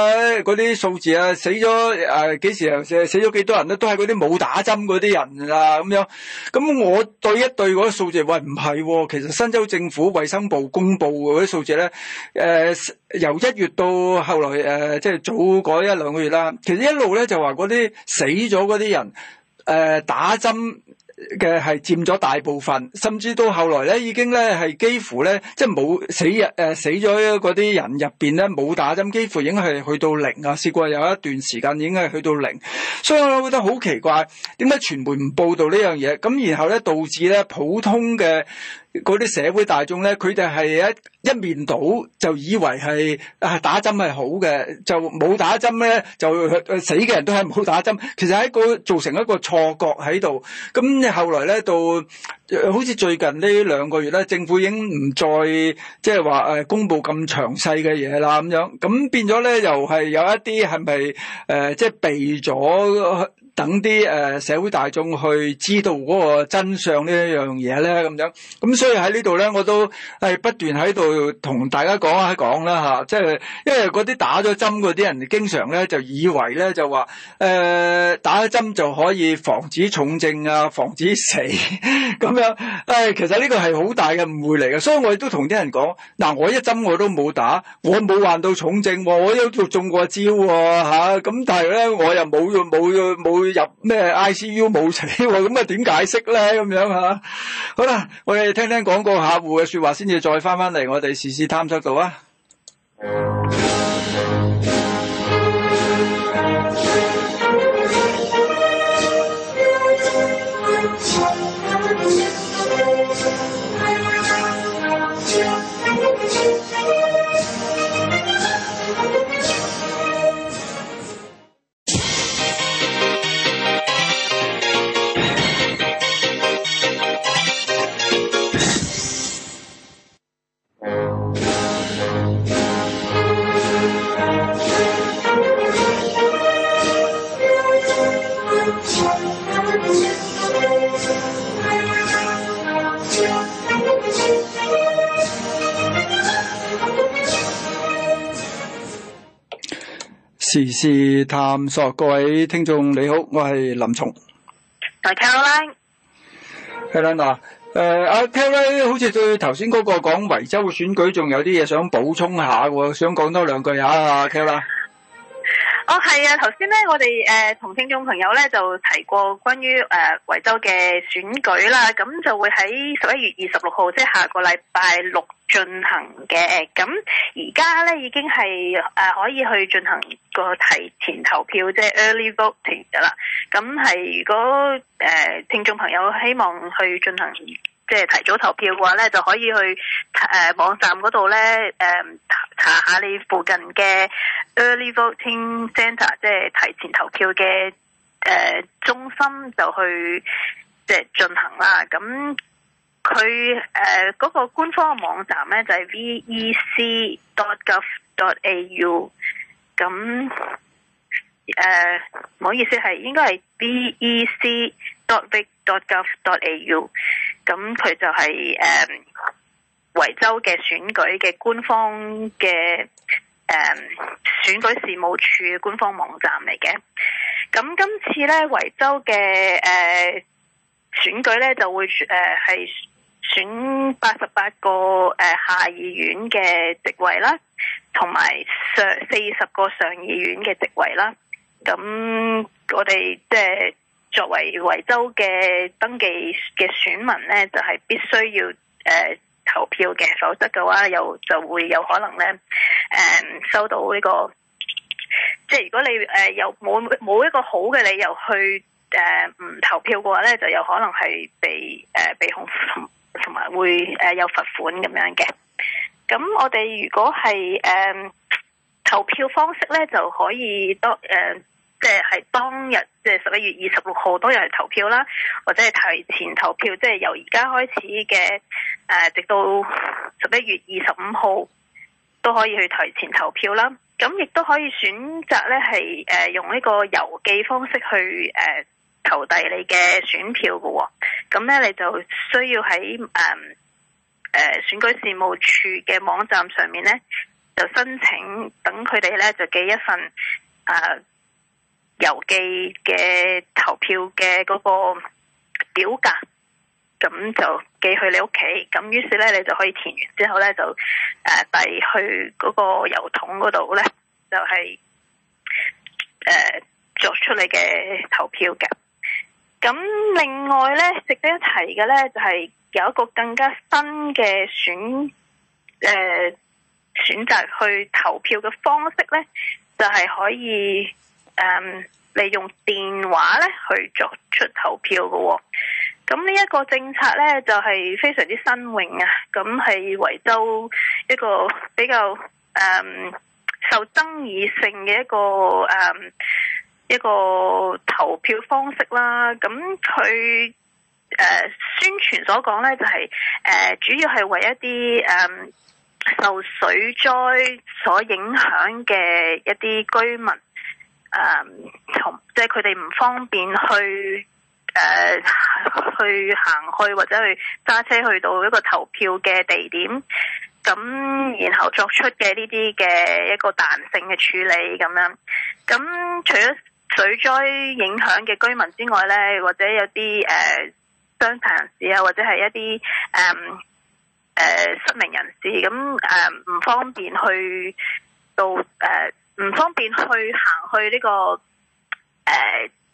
嗰啲數字啊，死咗幾、呃、時啊死死咗幾多人咧，都係嗰啲冇打針嗰啲人啊咁樣。咁我對一對嗰啲數字，喂唔係，其實新州政府衛生部公布嗰啲數字咧，呃由一月到後來誒、呃，即係早嗰一兩個月啦。其實一路咧就話嗰啲死咗嗰啲人誒、呃、打針嘅係佔咗大部分，甚至到後來咧已經咧係幾乎咧即係冇死、呃、死咗人誒死咗嗰啲人入邊咧冇打針，幾乎已經係去到零啊！試過有一段時間已經係去到零，所以我覺得好奇怪，點解傳媒唔報導呢樣嘢？咁然後咧導致咧普通嘅。嗰啲社會大眾咧，佢哋係一一面倒就以為係啊，打針係好嘅，就冇打針咧就死嘅人都係冇打針，其實係一個造成一個錯覺喺度。咁你後來咧到好似最近呢兩個月咧，政府已經唔再即係話誒公佈咁詳細嘅嘢啦咁樣，咁變咗咧又係有一啲係咪誒即係避咗？等啲誒社會大眾去知道嗰個真相呢一樣嘢咧咁樣，咁所以喺呢度咧我都係不斷喺度同大家講一講啦吓，即係因為嗰啲打咗針嗰啲人經常咧就以為咧就話誒、呃、打咗針就可以防止重症啊，防止死咁樣，誒、啊、其實呢個係好大嘅誤會嚟嘅，所以我亦都同啲人講嗱、啊，我一針我都冇打，我冇患到重症、啊，我都中過招喎、啊、咁、啊、但係咧我又冇冇冇。入咩 ICU 冇死喎？咁啊點解釋咧？咁樣吓，好啦，我哋聽聽廣告客戶嘅説話先，至再返返嚟，我哋試試探索到啊。時事探索，各位聽眾你好，我係林松。你好啦，係啦嗱，誒阿 Kelly 好似對頭先嗰個講維州嘅選舉仲有啲嘢想補充下嘅，想講多兩句吓阿 Kelly。哦，係啊，頭先咧我哋誒同聽眾朋友咧就提過關於誒維州嘅選舉啦，咁就會喺十一月二十六號，即係下個禮拜六。進行嘅，咁而家呢已經係可以去進行個提前投票，即係 early voting，噶啦。咁係如果誒聽眾朋友希望去進行即係提早投票嘅話呢，就可以去誒網站嗰度呢查下你附近嘅 early voting center，即係提前投票嘅誒中心，就去即係進行啦。咁。佢誒嗰個官方網站呢，就係、是、vec.gov.au，咁誒唔、呃、好意思係應該係 vec.vic.gov.au，咁佢就係、是、誒、呃、維州嘅選舉嘅官方嘅誒、呃、選舉事務處嘅官方網站嚟嘅。咁今次呢，維州嘅誒、呃、選舉呢，就會誒係。呃選八十八個誒下議院嘅席位啦，同埋上四十個上議院嘅席位啦。咁我哋即係作為維州嘅登記嘅選民呢，就係必須要誒投票嘅，否則嘅話又就會有可能咧誒收到呢、這個，即係如果你誒有冇冇一個好嘅理由去誒唔投票嘅話呢，就有可能係被誒被控。同埋會誒有罰款咁樣嘅，咁我哋如果係誒、uh, 投票方式咧，就可以當誒即係當日即係十一月二十六號當日投票啦，或者係提前投票，即係由而家開始嘅誒，uh, 直到十一月二十五號都可以去提前投票啦。咁亦都可以選擇咧係誒用呢個郵寄方式去誒。Uh, 投遞你嘅選票嘅、哦，咁咧你就需要喺誒誒選舉事務處嘅網站上面咧，就申請等佢哋咧就寄一份誒郵、呃、寄嘅投票嘅嗰個表格，咁就寄去你屋企，咁於是咧你就可以填完之後咧就誒遞去嗰個郵筒嗰度咧，就係誒、呃就是呃、作出你嘅投票嘅。咁另外呢，值得一提嘅呢，就係、是、有一個更加新嘅選誒、呃、選擇去投票嘅方式呢就係、是、可以誒利、嗯、用電話呢去作出投票嘅、哦。咁呢一個政策呢，就係、是、非常之新穎啊！咁係維州一個比較誒、嗯、受爭議性嘅一個誒。嗯一個投票方式啦，咁佢誒宣傳所講呢，就係、是、誒、呃、主要係為一啲誒、呃、受水災所影響嘅一啲居民誒，同、呃、即係佢哋唔方便去誒、呃、去行去或者去揸車去到一個投票嘅地點，咁然後作出嘅呢啲嘅一個彈性嘅處理咁樣，咁除咗水災影響嘅居民之外呢，或者有啲誒、呃、傷殘人士啊，或者係一啲誒誒失明人士，咁誒唔方便去到誒，唔、呃、方便去行去呢、這個誒、呃、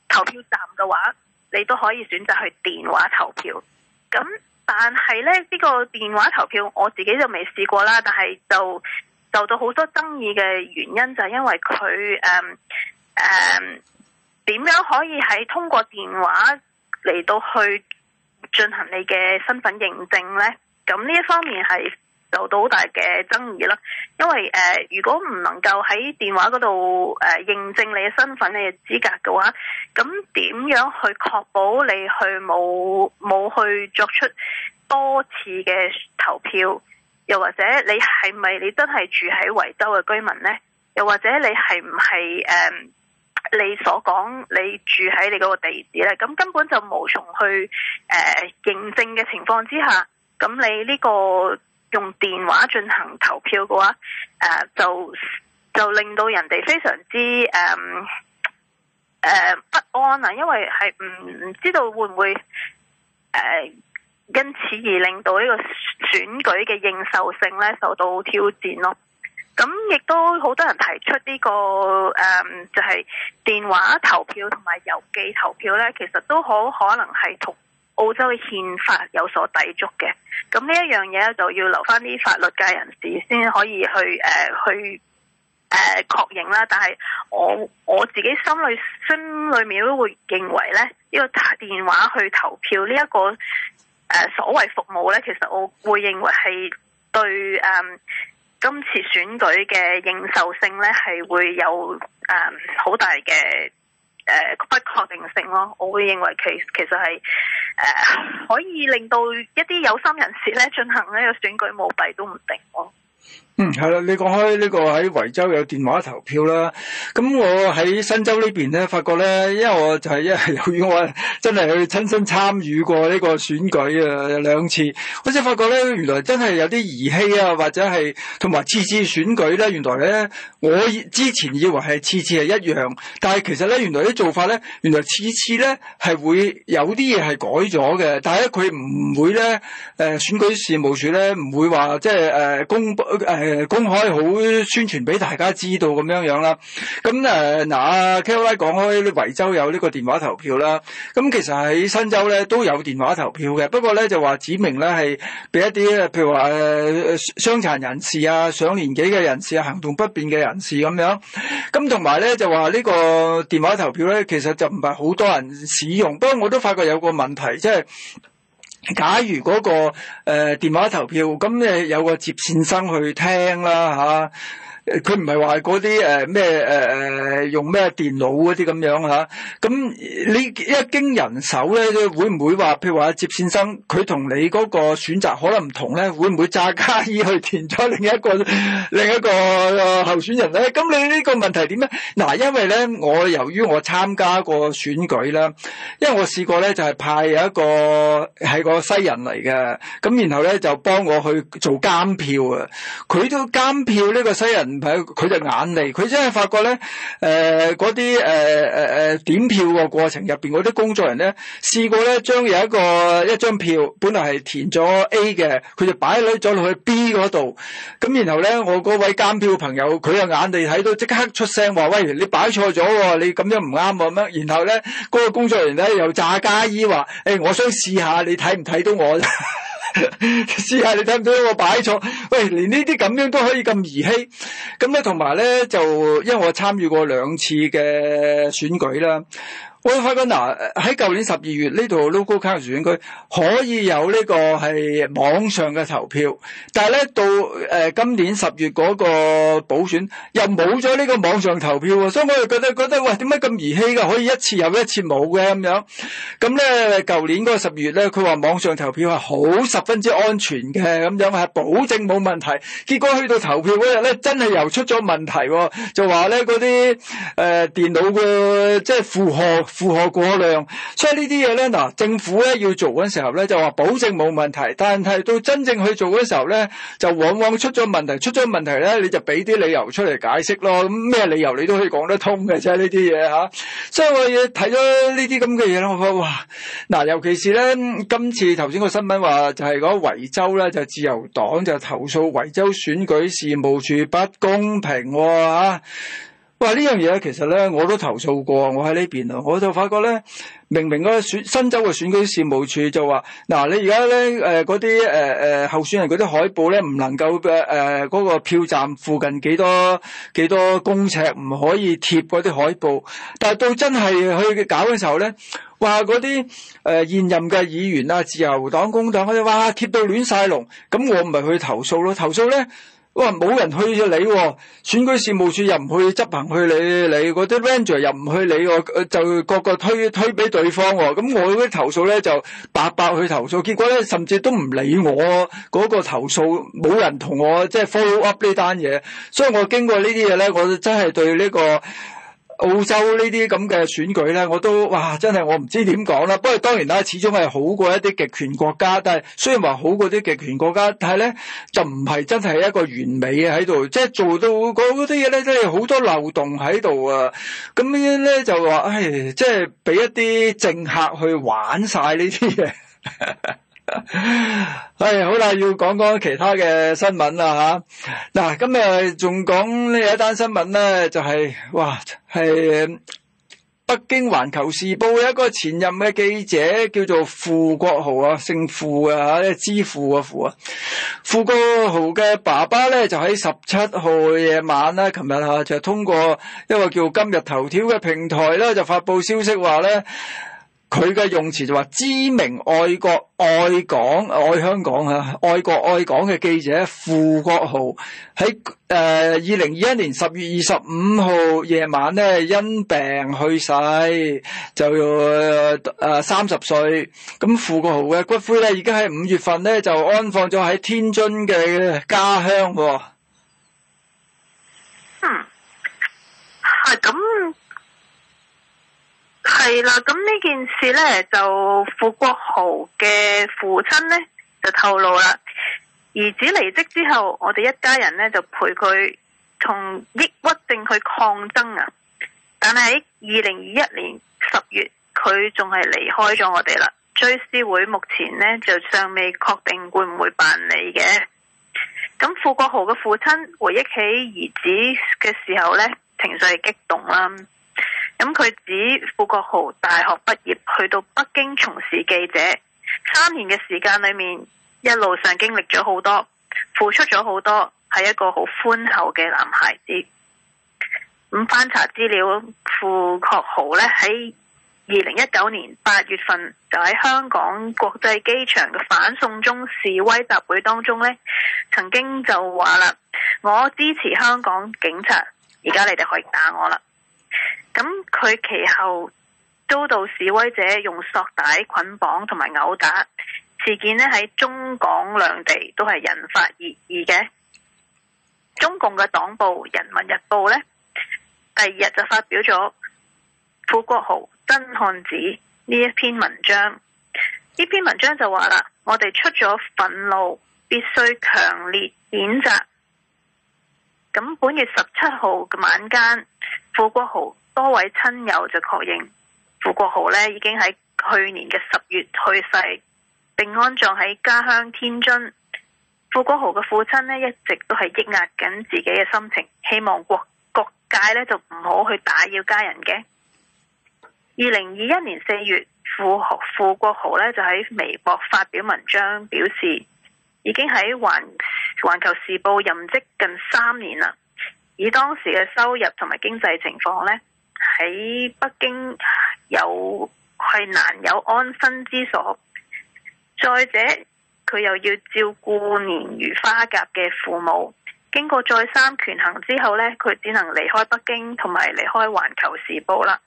投票站嘅話，你都可以選擇去電話投票。咁但係呢，呢、這個電話投票我自己就未試過啦，但係就受到好多爭議嘅原因就係因為佢誒。呃誒，點、um, 樣可以喺通過電話嚟到去進行你嘅身份認證咧？咁呢一方面係受到好大嘅爭議啦。因為誒、呃，如果唔能夠喺電話嗰度誒認證你嘅身份、你嘅資格嘅話，咁點樣去確保你去冇冇去作出多次嘅投票？又或者你係咪你真係住喺維州嘅居民咧？又或者你係唔係誒？Um, 你所講你住喺你嗰個地址咧，咁根本就無從去、呃、認證嘅情況之下，咁你呢個用電話進行投票嘅話，呃、就就令到人哋非常之、呃呃、不安啊，因為係唔知道會唔會、呃、因此而令到呢個選舉嘅認受性咧受到挑戰咯。咁亦都好多人提出呢、這個誒、嗯，就係、是、電話投票同埋郵寄投票咧，其實都好可能係同澳洲嘅憲法有所抵觸嘅。咁呢一樣嘢就要留翻啲法律界人士先可以去誒、呃、去誒確、呃、認啦。但係我我自己心裏心裏面都會認為咧，呢、這個電話去投票呢、這、一個誒、呃、所謂服務咧，其實我會認為係對誒。嗯今次選舉嘅認受性呢係會有誒好、um，大嘅誒不確定性咯。我會認為其其實係誒、uh，可以令到一啲有心人士呢進行呢個選舉舞弊都唔定咯。嗯，係啦，你講開呢個喺維、這個、州有電話投票啦，咁我喺新州邊呢邊咧，發覺咧，因為我就係、是、因為由於我真係去親身參與過呢個選舉啊兩次，我就發覺咧，原來真係有啲兒戲啊，或者係同埋次次選舉咧，原來咧，我之前以為係次次係一樣，但係其實咧，原來啲做法咧，原來次次咧係會有啲嘢係改咗嘅，但係咧佢唔會咧，誒、呃、選舉事務處咧唔會話即係誒公佈誒。呃誒公開好宣傳俾大家知道咁樣樣啦，咁誒嗱 k o l i 講開，維州有呢個電話投票啦，咁其實喺新州咧都有電話投票嘅，不過咧就話指明咧係俾一啲譬如話傷殘人士啊、上年紀嘅人士啊、行動不便嘅人士咁樣，咁同埋咧就話呢個電話投票咧其實就唔係好多人使用，不過我都發覺有個問題，即係。假如嗰、那個誒、呃、電話投票，咁誒有個接線生去聽啦吓。啊佢唔係話嗰啲誒咩誒誒用咩電腦嗰啲咁樣吓咁、啊、你一經人手咧，會唔會話譬如話接線生佢同你嗰個選擇可能唔同咧？會唔會詐假意去填咗另一個另一個、啊、候選人咧？咁你呢個問題點咧？嗱，因為咧我由於我參加過選舉啦，因為我試過咧就係、是、派有一個係個西人嚟嘅，咁然後咧就幫我去做監票啊，佢都監票呢個西人。唔係佢就眼利，佢真係發覺咧，誒嗰啲誒誒點票嘅過程入面嗰啲工作人咧，試過咧將有一個一張票本來係填咗 A 嘅，佢就擺攞咗落去 B 嗰度。咁然後咧，我嗰位監票朋友佢嘅眼利睇到，即刻出聲話：喂，你擺錯咗喎，你咁樣唔啱啊！咁樣？然後咧，嗰個工作人咧又詐假意話：誒，我想試下，你睇唔睇到我？ 試下 你睇唔睇到我擺錯？喂，連呢啲咁樣都可以咁兒戲，咁咧同埋咧就，因為我參與過兩次嘅選舉啦。我發覺嗱，喺舊年十二月，呢度 local council 區選舉，可以有呢個係網上嘅投票，但係咧到誒今年十月嗰個補選又冇咗呢個網上投票，所以我又覺得覺得哇點解咁兒戲㗎？可以一次有一次冇嘅咁樣。咁咧舊年嗰個十二月咧，佢話網上投票係好十分之安全嘅咁樣，係保證冇問題。結果去到投票嗰日咧，真係又出咗問題，就話咧嗰啲誒電腦嘅即係負荷。負荷過量，所以這些東西呢啲嘢咧，嗱，政府咧要做嗰時候咧，就話保證冇問題，但係到真正去做嗰時候咧，就往往出咗問題，出咗問題咧，你就俾啲理由出嚟解釋咯，咁咩理由你都可以講得通嘅啫，呢啲嘢吓。所以我睇咗呢啲咁嘅嘢咧，我話，嗱，尤其是咧今次頭先個新聞話，就係講維州咧就是、自由黨就投訴維州選舉事務處不公平喎，吓、啊。哇！呢樣嘢其實咧，我都投訴過，我喺呢邊啊，我就發覺咧，明明個選新州嘅選舉事務處就話，嗱、啊、你而家咧誒嗰啲誒誒候選人嗰啲海報咧，唔能夠誒誒嗰個票站附近幾多幾多公尺，唔可以貼嗰啲海報，但係到真係去搞嘅時候咧，話嗰啲誒現任嘅議員啊、自由黨、工黨嗰啲，哇貼到亂晒龍，咁我唔係去投訴咯，投訴咧。我冇人去理喎，選舉事務處又唔去執行去理你，嗰啲 Ranger 又唔去理喎，就個個推推俾對方喎。咁我啲投訴咧就白白去投訴，結果咧甚至都唔理我嗰、那個投訴，冇人同我即係、就是、follow up 呢單嘢。所以我經過呢啲嘢咧，我真係對呢、這個。澳洲呢啲咁嘅選舉咧，我都哇真係我唔知點講啦。不過當然啦，始終係好過一啲極權國家。但係雖然話好過啲極權國家，但係咧就唔係真係一個完美嘅喺度，即係做到嗰啲嘢咧，即係好多漏洞喺度啊。咁咧就話唉，即係俾一啲政客去玩晒呢啲嘢。 唉， 好啦，要講講其他嘅新聞啦吓。嗱、啊，今日仲講呢一單新聞咧，就係、是、哇，係北京環球時報一個前任嘅記者叫做傅國豪傅啊，姓傅啊，吓，呢支傅啊傅啊。傅國豪嘅爸爸咧就喺十七號夜晚啦，琴日吓就通過一個叫今日頭條嘅平台咧，就發布消息話咧。佢嘅用詞就話知名愛國愛港愛香港啊，愛國愛港嘅記者傅國豪喺誒二零二一年十月二十五號夜晚咧，因病去世，就誒三十歲。咁傅國豪嘅骨灰咧已經喺五月份咧就安放咗喺天津嘅家鄉喎。嗯，係咁。係啦，咁呢件事呢，就傅國豪嘅父親呢就透露啦，兒子離職之後，我哋一家人呢就陪佢同抑鬱症去抗爭啊！但係喺二零二一年十月，佢仲係離開咗我哋啦。追思會目前呢就尚未確定會唔會辦理嘅。咁傅國豪嘅父親回憶起兒子嘅時候呢，情緒係激動啦。咁佢指付國豪大學畢業去到北京從事記者，三年嘅時間裏面，一路上經歷咗好多，付出咗好多，係一個好寬厚嘅男孩子。咁翻查資料，付國豪咧喺二零一九年八月份就喺香港國際機場嘅反送中示威集會當中咧，曾經就話啦，我支持香港警察，而家你哋可以打我啦。咁佢其後遭到示威者用索帶捆綁同埋毆打，事件呢喺中港兩地都係引發熱議嘅。中共嘅黨報《人民日報》呢，第二日就發表咗《傅國豪真漢子》呢一篇文章。呢篇文章就話啦，我哋出咗憤怒，必須強烈譴責。咁本月十七號嘅晚間，傅國豪多位親友就確認，傅國豪呢已經喺去年嘅十月去世，並安葬喺家鄉天津。傅國豪嘅父親呢一直都係抑壓緊自己嘅心情，希望國各界呢就唔好去打擾家人嘅。二零二一年四月，傅國傅國豪呢就喺微博發表文章，表示已經喺環球環球時報任職近三年啦。以當時嘅收入同埋經濟情況呢，喺北京又係難有安身之所。再者，佢又要照顧年逾花甲嘅父母。經過再三權衡之後呢，佢只能離開北京同埋離開《環球時報》啦。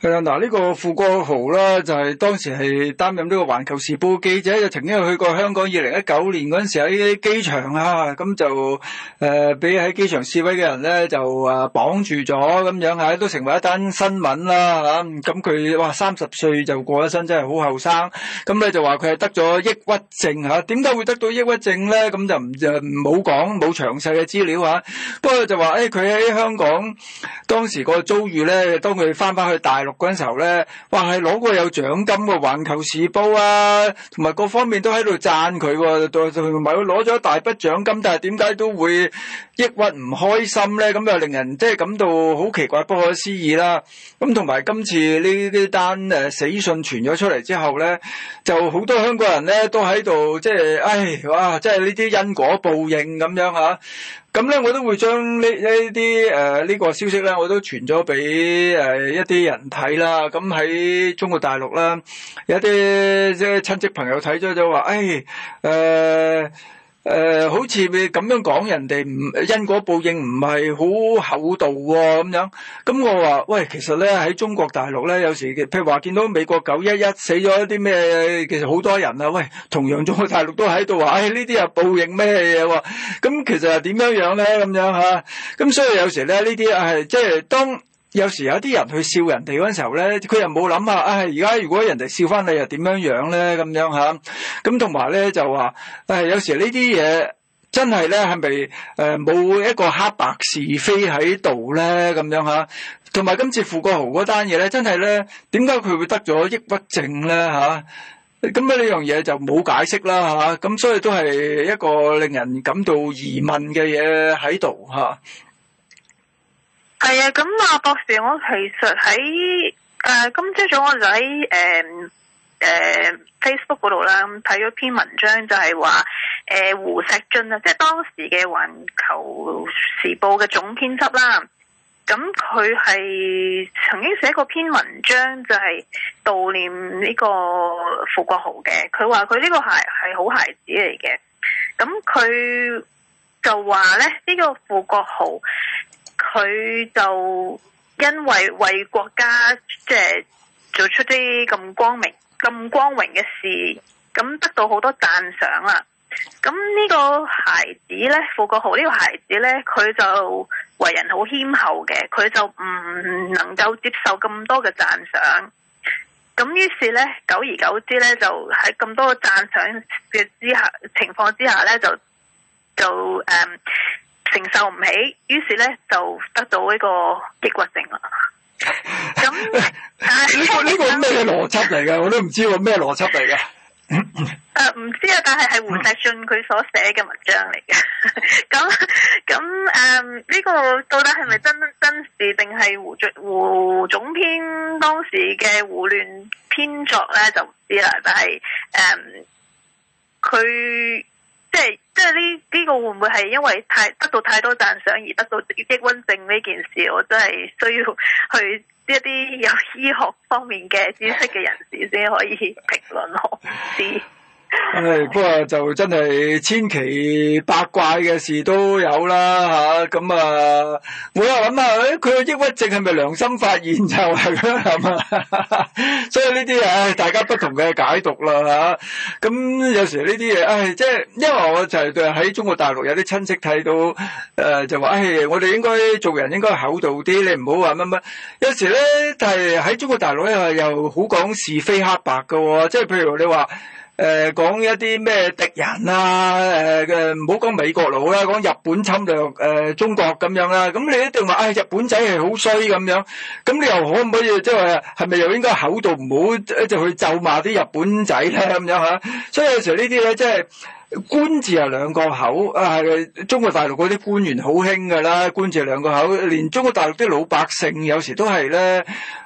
係啦，嗱呢、嗯，這個傅國豪啦，就係當時係擔任呢、這個《環球時報》記者，就曾經去過香港。二零一九年嗰陣時喺機場啊，咁就誒俾喺機場示威嘅人咧就啊綁住咗咁樣啊，都成為一單新聞啦吓。咁佢話三十歲就過咗身，真係好後生。咁、啊、咧、嗯、就話佢係得咗抑鬱症吓，點、啊、解會得到抑鬱症咧？咁、嗯、就唔就冇講冇詳細嘅資料吓、啊。不過就話誒佢喺香港當時個遭遇咧，當佢。翻返去大陸嗰陣時候咧，哇係攞過有獎金嘅《環球時報》啊，同埋各方面都喺度讚佢喎、啊，同埋佢攞咗大筆獎金，但係點解都會抑鬱唔開心咧？咁就令人即係感到好奇怪、不可思議啦。咁同埋今次呢啲單死訊傳咗出嚟之後咧，就好多香港人咧都喺度即係，唉哇，即係呢啲因果報應咁樣嚇、啊。咁咧，我都會將呢呢啲誒呢個消息咧，我都傳咗俾誒一啲人睇啦。咁喺中國大陸啦，有啲即係親戚朋友睇咗就話，誒誒誒、呃，好似你咁樣講人哋唔因果報應唔係好厚道喎、啊，咁樣咁我話喂，其實咧喺中國大陸咧，有時譬如話見到美國九一一死咗一啲咩，其實好多人啊，喂，同樣中國大陸都喺度話，哎呢啲啊報應咩嘢咁其實點樣樣咧咁樣吓？咁、啊、所以有時咧呢啲係即係當。有時有啲人去笑人哋嗰時候咧，佢又冇諗下，唉、哎，而家如果人哋笑翻你又點樣呢樣咧？咁樣吓，咁同埋咧就話，唉、哎，有時呢啲嘢真係咧係咪誒冇一個黑白是非喺度咧？咁樣吓，同埋今次傅國豪嗰單嘢咧，真係咧，點解佢會得咗抑鬱症咧？吓、啊，咁樣呢樣嘢就冇解釋啦吓，咁、啊、所以都係一個令人感到疑問嘅嘢喺度吓。啊係啊，咁啊博士，我其實喺誒今朝早我就喺誒誒 Facebook 嗰度啦，睇咗篇文章就是、呃，就係話誒胡錫進啊，即係當時嘅《環球時報》嘅總編輯啦。咁佢係曾經寫過篇文章，就係悼念呢個傅國豪嘅。佢話佢呢個孩係好孩子嚟嘅。咁佢就話咧，呢、這個傅國豪。佢就因為為國家即係、就是、做出啲咁光明、咁光榮嘅事，咁得到好多讚賞啦。咁呢個孩子呢，傅國豪呢個孩子呢，佢就為人好謙厚嘅，佢就唔能夠接受咁多嘅讚賞。咁於是呢，久而久之呢，就喺咁多讚賞嘅之下情況之下呢，就就誒。Um, 承受唔起，於是咧就得到呢個抑鬱症啦。咁呢、 啊、個呢個咩邏輯嚟嘅？我都唔知道個咩邏輯嚟嘅。誒 唔、呃、知啊，但係係胡錫進佢所寫嘅文章嚟嘅。咁咁誒呢個到底係咪真真事定係胡胡總編當時嘅胡亂編作咧？就唔知啦。但係誒，佢、嗯、即係。即係呢？呢個會唔會係因為太得到太多讚賞而得到抑鬱症呢件事？我真係需要去一啲有醫學方面嘅知識嘅人士先可以評論我 誒、哎，不過就真係千奇百怪嘅事都有啦吓，咁啊，啊，我又諗下，佢、哎、個抑鬱症係咪良心發現就係咁啊，啊，啊？所以呢啲誒，大家不同嘅解讀啦吓。咁、啊、有時呢啲嘢，即係，因為我就係喺中國大陸有啲親戚睇到，誒、啊、就話，唉、哎，我哋應該做人應該厚道啲，你唔好話乜乜。有時咧，但係喺中國大陸又又好講是非黑白噶、哦，即係譬如你話。誒，講、呃、一啲咩敵人啊？誒唔好講美國佬啦、啊，講日本侵略誒、呃、中國咁樣啦、啊。咁你一定話、哎、日本仔係好衰咁樣。咁你又可唔可以即係係咪又應該口度唔好一直去咒罵啲日本仔咧咁樣吓、啊？所以有時呢啲咧，即、就、係、是、官字係兩個口啊，係中國大陸嗰啲官員好興噶啦，官字係兩個口，連中國大陸啲老百姓有時都係咧，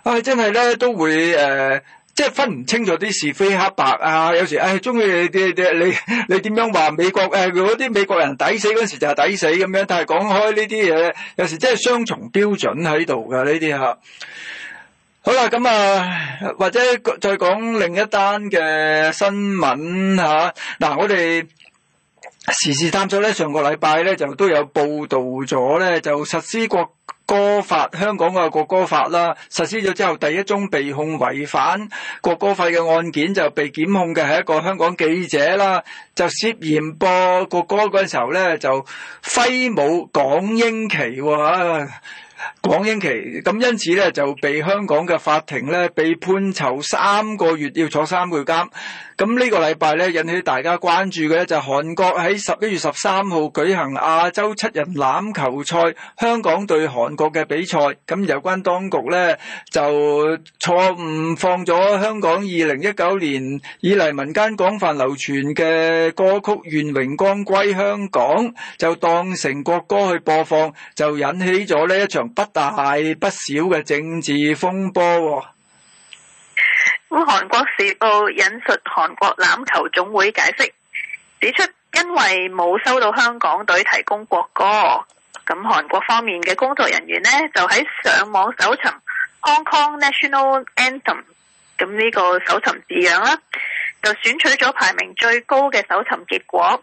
啊、哎，真係咧都會誒。呃即係分唔清楚啲是非黑白啊！有時唉，中意你你你你你點樣話美國？唉，嗰啲美國人抵死嗰時就係抵死咁樣。但係講開呢啲嘢，有時真係雙重標準喺度噶呢啲吓。好啦，咁啊，或者再講另一單嘅新聞吓。嗱，我哋時事探索咧，上個禮拜咧就都有報道咗咧，就實施過。歌法香港嘅國歌法啦，實施咗之後，第一宗被控違反國歌法嘅案件，就被檢控嘅係一個香港記者啦，就涉嫌播國歌嗰陣時候咧，就揮舞港英旗喎，啊，港英旗，咁因此咧就被香港嘅法庭咧被判囚三個月，要坐三個月監。咁呢個禮拜咧引起大家關注嘅咧就係韓國喺十一月十三號舉行亞洲七人欖球賽，香港對韓國嘅比賽。咁有關當局咧就錯誤放咗香港二零一九年以嚟民間廣泛流傳嘅歌曲《願榮光歸香港》，就當成國歌去播放，就引起咗呢一場不大不小嘅政治風波。咁《韓國時報》引述韓國欖球總會解釋，指出因為冇收到香港隊提供國歌，咁韓國方面嘅工作人員呢，就喺上網搜尋 Hong Kong National Anthem，咁呢個搜尋字樣啦，就選取咗排名最高嘅搜尋結果。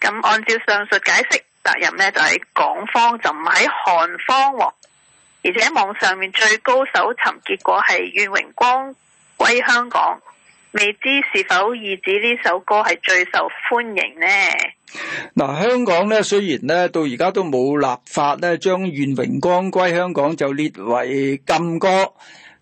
咁按照上述解釋，責任呢就係港方，就唔係韓方喎。而且在網上面最高搜尋結果係願榮光歸香港，未知是否以指呢首歌係最受歡迎呢？嗱、啊，香港咧，雖然咧到而家都冇立法咧，將《願榮光歸香港》就列為禁歌。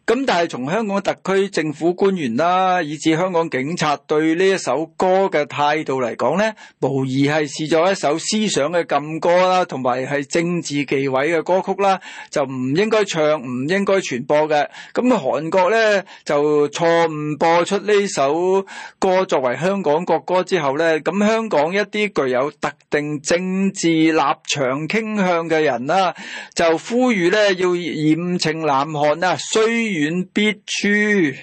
咁但係從香港特區政府官員啦，以至香港警察對呢一首歌嘅態度嚟講咧，無疑係視作一首思想嘅禁歌啦，同埋係政治忌諱嘅歌曲啦，就唔應該唱，唔應該傳播嘅。咁韓國咧就錯誤播出呢首歌作為香港國歌之後咧，咁香港一啲具有特定政治立場傾向嘅人啦、啊，就呼籲咧要嚴懲南韓啊，遠必誅。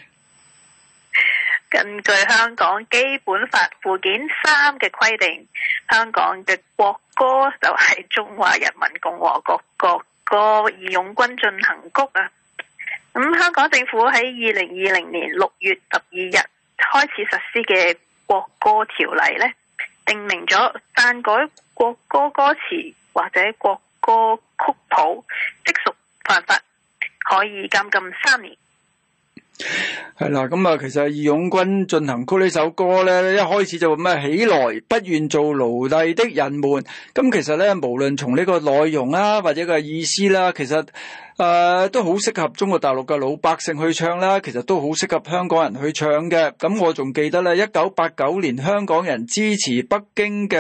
根據香港基本法附件三嘅規定，香港嘅國歌就係中華人民共和國國歌《義勇軍進行曲》啊、嗯。咁香港政府喺二零二零年六月十二日開始實施嘅國歌條例呢，定明咗，篡改國歌歌詞或者國歌曲譜即屬犯法。可以監禁三年。係啦，咁啊，其實義勇軍進行曲呢首歌咧，一開始就話咩起來，不願做奴隸的人們。咁其實咧，無論從呢個內容啊，或者個意思啦，其實。誒、呃，都好適合中國大陸嘅老百姓去唱啦，其實都好適合香港人去唱嘅。咁我仲記得咧，一九八九年香港人支持北京嘅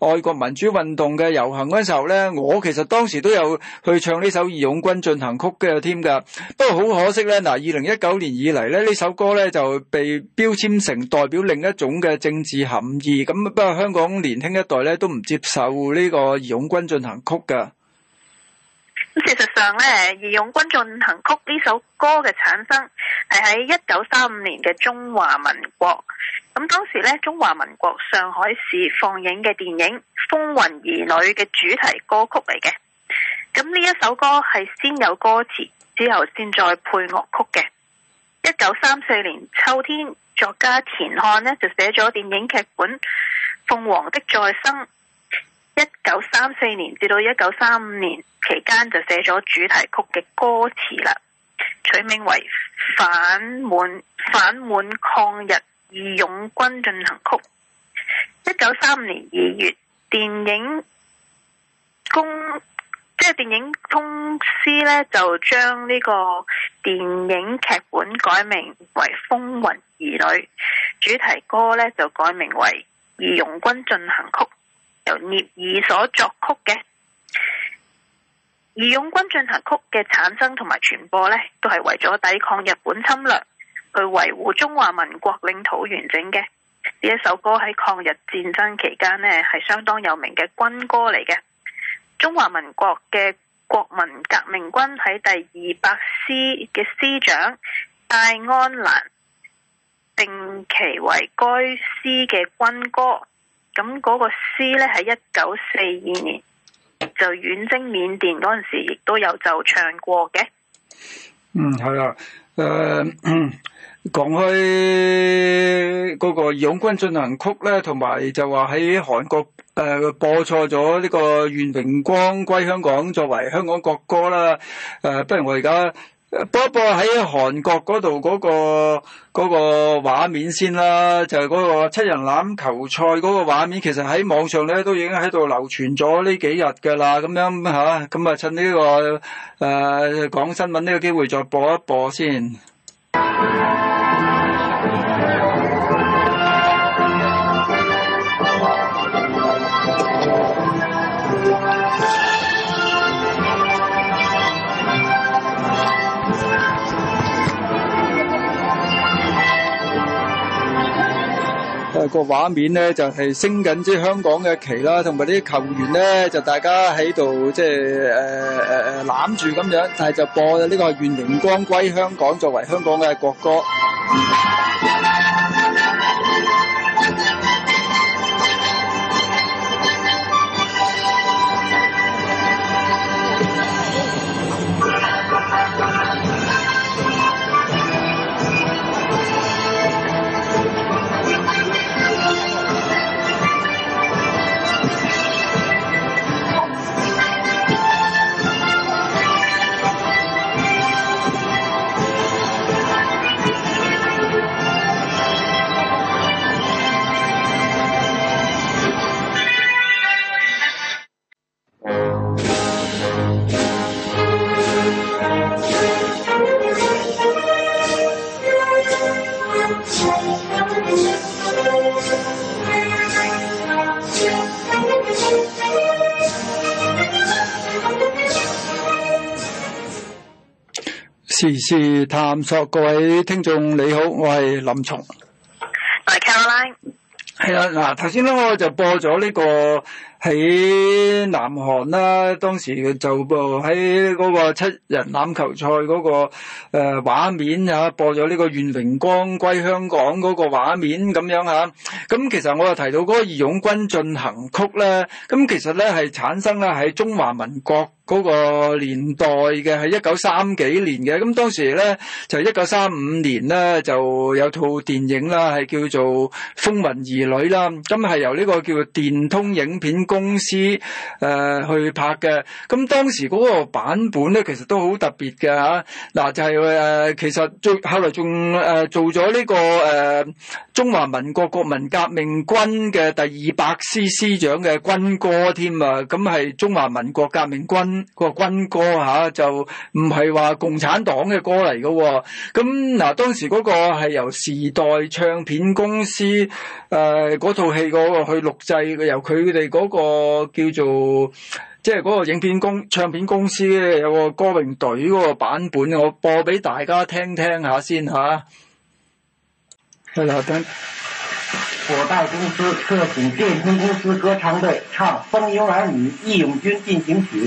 愛國民主運動嘅遊行嗰陣時候咧，我其實當時都有去唱呢首義勇軍進行曲嘅添㗎。不過好可惜咧，嗱、呃，二零一九年以嚟咧，呢首歌咧就被標籤成代表另一種嘅政治含義。咁不過香港年輕一代咧都唔接受呢、這個義勇軍進行曲㗎。事實上咧，《義勇軍進行曲》呢首歌嘅產生係喺一九三五年嘅中華民國。咁當時咧，中華民國上海市放映嘅電影《風雲兒女》嘅主題歌曲嚟嘅。咁呢一首歌係先有歌詞，之後先再配樂曲嘅。一九三四年秋天，作家田漢呢就寫咗電影劇本《鳳凰的再生》。一九三四年至到一九三五年期間就寫咗主題曲嘅歌詞啦，取名為《反滿反滿抗日義勇軍進行曲》。一九三五年二月，電影公即係、就是、電影公司呢，就將呢個電影劇本改名為《風雲兒女》，主題歌呢，就改名為《義勇軍進行曲》。由聶耳所作曲嘅《義勇軍進行曲》嘅產生同埋傳播呢，都係為咗抵抗日本侵略，去維護中華民國領土完整嘅。呢一首歌喺抗日戰爭期間呢，係相當有名嘅軍歌嚟嘅。中華民國嘅國民革命軍喺第二百師嘅師長戴安瀾，定其為該師嘅軍歌。咁嗰個詩咧喺一九四二年就遠征緬甸嗰陣時，亦都有就唱過嘅、嗯呃。嗯，係啦。誒，講開嗰個《義勇軍進行曲》咧，同埋就話喺韓國誒、呃、播錯咗呢個《願榮光歸香港》作為香港國歌啦。誒、呃，不如我而家。不過喺韓國嗰度嗰個畫面先啦，就係嗰個七人欖球賽嗰個畫面，其實喺網上咧都已經喺度流傳咗呢幾日㗎啦，咁樣吓，咁啊就趁呢、呢個、呃、講新聞呢個機會再播一播先。個畫面咧就係、是、升緊啲香港嘅旗啦，同埋啲球員咧就大家喺度即係誒誒攬住咁樣，但係就播呢、這個《願榮光歸香港》作為香港嘅國歌。嗯。時事探索，各位聽眾你好，我係林松，我係 By Caroline，係啦，嗱頭先咧我就播咗呢個喺南韓啦，當時就播喺嗰個七人欖球賽嗰個誒畫面吓，播咗呢、這個願榮光歸香港嗰、那個畫面咁樣吓，咁其實我又提到嗰、那個義勇軍進行曲咧，咁其實咧係產生咧喺中華民國。嗰個年代嘅係一九三幾年嘅，咁當時咧就一九三五年咧就有套電影啦，係叫做《風雲兒女》啦，咁係由呢個叫做電通影片公司誒、呃、去拍嘅，咁當時嗰個版本咧其實都好特別嘅吓，嗱、啊、就係、是、誒、呃、其實最後來仲誒、呃、做咗呢、這個誒、呃、中華民國國民革命軍嘅第二百師師長嘅軍歌添啊，咁係中華民國革命軍。個軍歌吓、啊、就唔係話共產黨嘅歌嚟噶，咁嗱、啊，當時嗰個係由時代唱片公司誒，嗰套戲嗰個去錄製，由佢哋嗰個叫做即係嗰個影片公唱片公司有個歌詠隊嗰個版本，我播俾大家聽聽下先吓。係、啊、啦，等我帶公司特請電通公司歌唱隊唱《風雲兒女義勇軍進行曲》。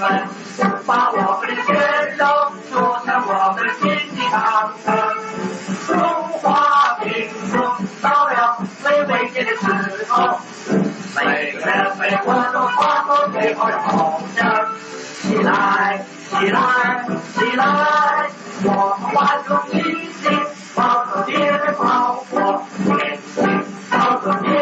們，把我們的血肉築成我們新的長城。中華民族到了最危險的時候，每個人被迫着發出最後的吼聲。起來，起來，起來！我們萬眾一心，冒着敵人的炮火前進，冒着敵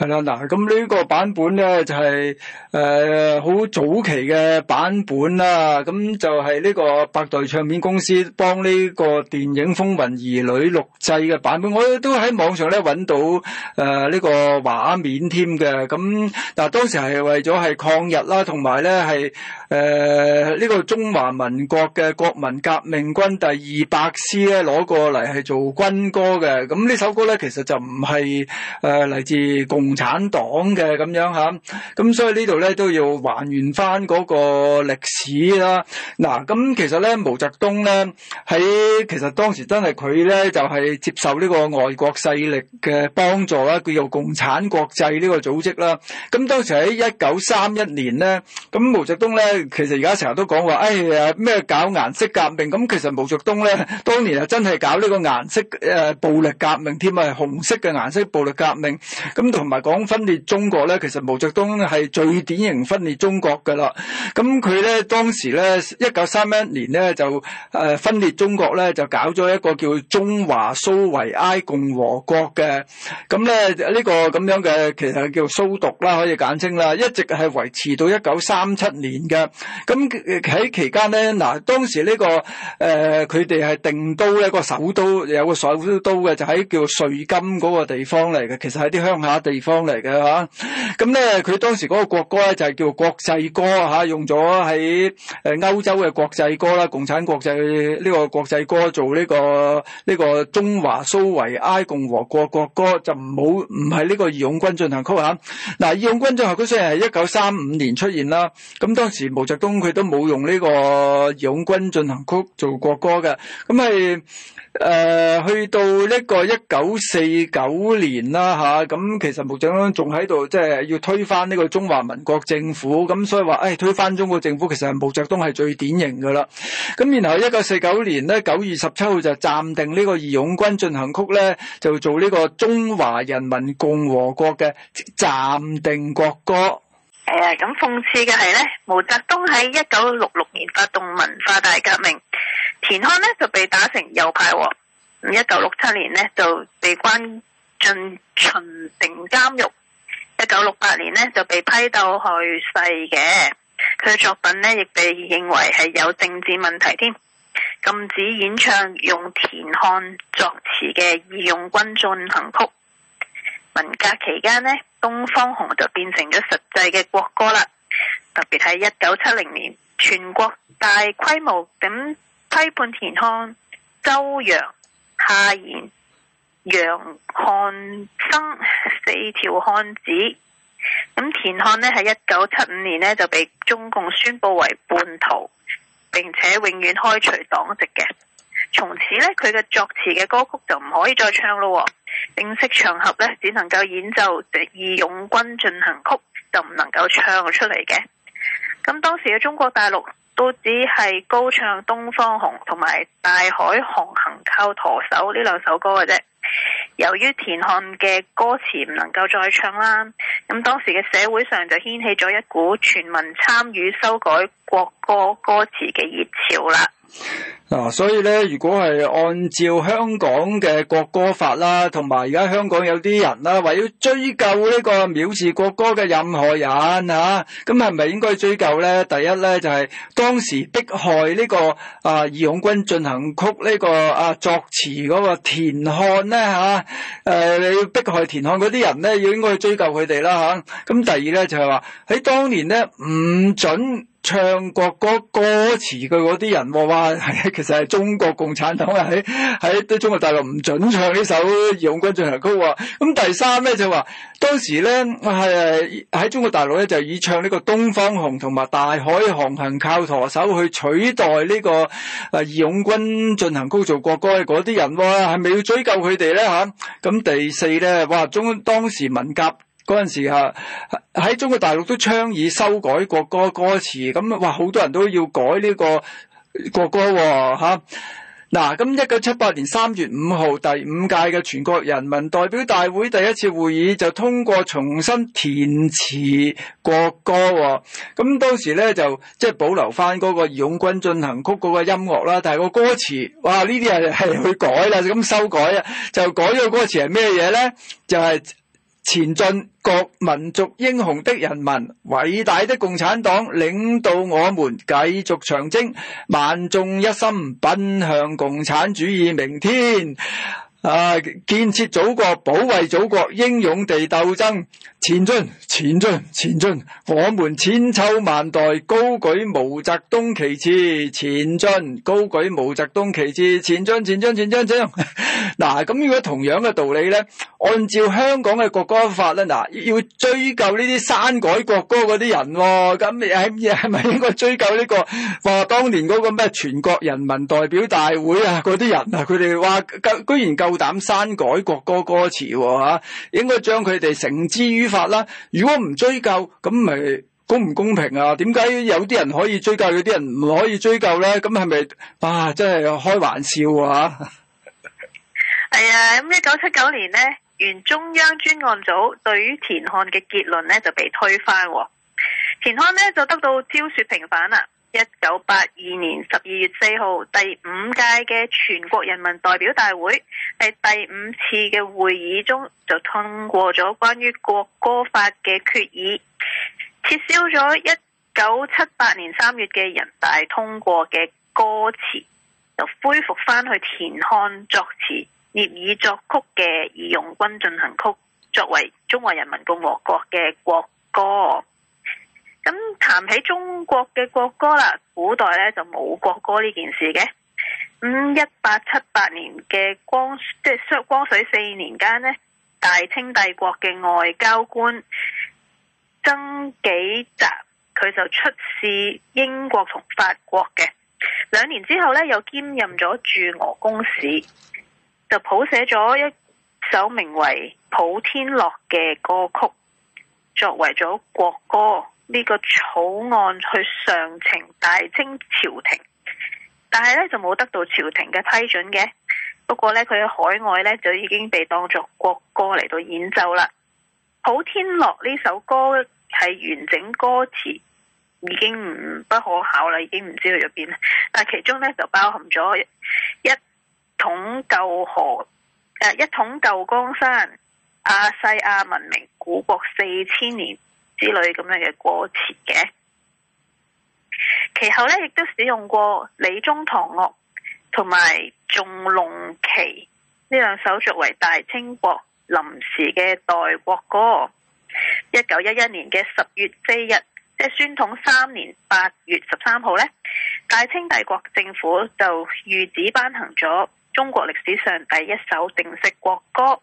係啦，嗱，咁呢個版本咧就係誒好早期嘅版本啦，咁就係呢個百代唱片公司幫呢個電影《風雲兒女》錄製嘅版本，我亦都喺網上咧揾到誒呢個畫面添嘅，咁嗱當時係為咗係抗日啦，同埋咧係。誒呢、呃、這個中華民國嘅國民革命軍第二百師咧攞過嚟係做軍歌嘅，咁呢首歌咧其實就唔係誒嚟自共產黨嘅咁樣吓，咁、啊、所以這裏呢度咧都要還原返嗰個歷史啦。嗱、啊，咁其實咧，毛澤東咧喺其實當時真係佢咧就係、就是、接受呢個外國勢力嘅幫助啦，叫做共產國際呢個組織啦。咁當時喺一九三一年咧，咁毛澤東咧。其實而家成日都講話，哎呀咩搞顏色革命？咁、嗯、其實毛澤東咧，當年又真係搞呢個顏色誒、呃、暴力革命添啊，紅色嘅顏色暴力革命。咁同埋講分裂中國咧，其實毛澤東係最典型分裂中國噶啦。咁佢咧當時咧一九三一年咧就誒、呃、分裂中國咧就搞咗一個叫中華蘇維埃共和國嘅。咁、嗯、咧呢、這個咁樣嘅，其實叫蘇獨啦，可以簡稱啦，一直係維持到一九三七年嘅。咁喺期間咧，嗱當時呢、呢個誒佢哋係定都咧，個首都有個首都嘅，就喺叫瑞金嗰個地方嚟嘅，其實係啲鄉下地方嚟嘅嚇。咁咧佢當時嗰個國歌咧就係叫國際歌嚇、啊，用咗喺歐洲嘅國際歌啦，共產國際呢、呢個國際歌做呢、呢個呢、呢個中華蘇維埃共和國國歌，就唔好唔係呢個義勇軍進行曲嚇。嗱、啊，義勇軍進行曲雖然係一九三五年出現啦，咁當時冇。毛澤東佢都冇用呢個義勇軍進行曲做國歌嘅，咁係誒去到呢個一九四九年啦吓，咁、啊、其實毛澤東仲喺度即係要推翻呢個中華民國政府，咁所以話誒、哎、推翻中國政府，其實係毛澤東係最典型噶啦。咁然後一九四九年咧九月十七號就暫定呢個義勇軍進行曲咧，就做呢個中華人民共和國嘅暫定國歌。係啊，咁諷刺嘅係呢，毛澤東喺一九六六年發動文化大革命，田漢呢就被打成右派，一九六七年呢就被關進秦城監獄，一九六八年呢就被批鬥去世嘅，佢嘅作品呢，亦被認為係有政治問題，添禁止演唱用田漢作詞嘅《義勇軍進行曲》，文革期間呢。東方紅就變成咗實際嘅國歌啦，特別係一九七零年全國大規模咁批判田漢、周揚、夏衍、楊漢生四條漢子。咁田漢呢喺一九七五年呢就被中共宣布為叛徒，並且永遠開除黨籍嘅。從此呢佢嘅作詞嘅歌曲就唔可以再唱咯，哦，正式場合呢只能夠演奏《義勇軍進行曲》就，就唔能夠唱出嚟嘅。咁當時嘅中國大陸都只係高唱《東方紅》同埋《大海航行靠舵手》呢兩首歌嘅啫。由於田漢嘅歌詞唔能夠再唱啦，咁當時嘅社會上就掀起咗一股全民參與修改國歌歌詞嘅熱潮啦。嗱、啊，所以咧，如果係按照香港嘅國歌法啦，同埋而家香港有啲人啦，話要追究呢個藐視國歌嘅任何人吓、啊，咁係咪應該追究咧？第一咧，就係、是、當時迫害呢、這個啊義勇軍進行曲呢、這個啊作詞嗰個田漢咧。吓誒、啊呃，你要逼害填海嗰啲人咧，要應該去追究佢哋啦吓，咁、啊、第二咧就係話喺當年咧唔準。唱國歌歌詞嘅嗰啲人話其實係中國共產黨喺喺中國大陸唔準唱呢首義勇軍進行曲喎。咁第三咧就話當時咧係喺中國大陸咧就以唱呢個《東方紅》同埋《大海航行靠舵手》去取代呢個《誒義勇軍進行曲》做國歌嘅嗰啲人，係咪要追究佢哋咧？嚇，咁第四咧哇中當時文革嗰陣時嚇。喺中國大陸都倡議修改國歌的歌詞，咁話好多人都要改呢個國歌吓、啊。嗱、啊，咁一九七八年三月五號，第五屆嘅全國人民代表大會第一次會議就通過重新填詞國歌、啊。咁當時咧就即係保留翻、那、嗰個《義勇軍進行曲》嗰、那個音樂啦，但係個歌詞哇呢啲係係去改啦，咁修改啦，就改咗個歌詞係咩嘢咧？就係、是。前進，各民族英雄的人民，偉大的共產黨，領導我們繼續長征，萬眾一心，奔向共產主義明天。啊！建設祖國，保衛祖國，英勇地鬥爭，前進，前進，前進！我們千秋萬代高舉毛澤東旗幟，前進，高舉毛澤東旗幟，前進，前進，前進，前進！嗱，咁如果同樣嘅道理咧，按照香港嘅國歌法咧，嗱、啊，要追究呢啲刪改國歌嗰啲人、哦，咁你係咪應該追究呢、這個話當年嗰個咩全國人民代表大會啊嗰啲人啊，佢哋話居然夠。夠膽刪改國歌歌詞喎嚇，應該將佢哋繩之於法啦。如果唔追究，咁咪公唔公平啊？點解有啲人可以追究，有啲人唔可以追究咧？咁係咪啊？真係開玩笑喎嚇！係啊，咁一九七九年呢，原中央專案組對於田漢嘅結論呢就被推翻，田漢呢就得到昭雪平反啦。一九八二年十二月四號，第五屆嘅全國人民代表大會喺第五次嘅會議中就通過咗關於國歌法嘅決議，撤銷咗一九七八年三月嘅人大通過嘅歌詞，就恢復翻去田漢作詞、聶耳作曲嘅《義勇軍進行曲》作為中華人民共和國嘅國歌。咁談起中國嘅國歌啦，古代咧就冇國歌呢件事嘅。咁一八七八年嘅光即係光緒四年間呢，大清帝國嘅外交官曾紀澤，佢就出使英國同法國嘅。兩年之後咧，又兼任咗駐俄公使，就譜寫咗一首名為《普天樂》嘅歌曲，作為咗國歌。呢個草案去上呈大清朝廷，但係咧就冇得到朝廷嘅批准嘅。不過咧，佢喺海外咧就已經被當作國歌嚟到演奏啦。《普天樂》呢首歌係完整歌詞已經唔不可考啦，已經唔知去咗邊啦。但係其中咧就包含咗一統舊河誒、呃，一統舊江山。亞細亞文明古國四千年。之類咁樣嘅歌詞嘅，其後呢亦都使用過李《李中堂樂》同埋《仲龍旗》呢兩首作為大清國臨時嘅代國歌。一九一一年嘅十月四日，即、就是、宣統三年八月十三號呢，大清帝國政府就御旨頒行咗中國歷史上第一首定式國歌。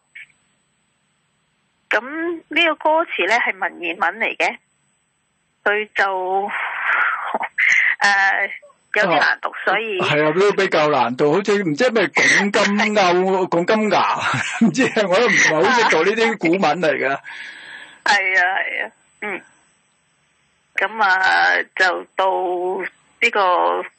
咁呢個歌詞咧係文言文嚟嘅，佢就誒有啲難讀，所以係啊，呢個比較難讀，好似唔知係咩拱金勾、拱金牙，唔知啊，我都唔係好識讀呢啲古文嚟噶。係啊，係啊，嗯。咁啊，就到呢個。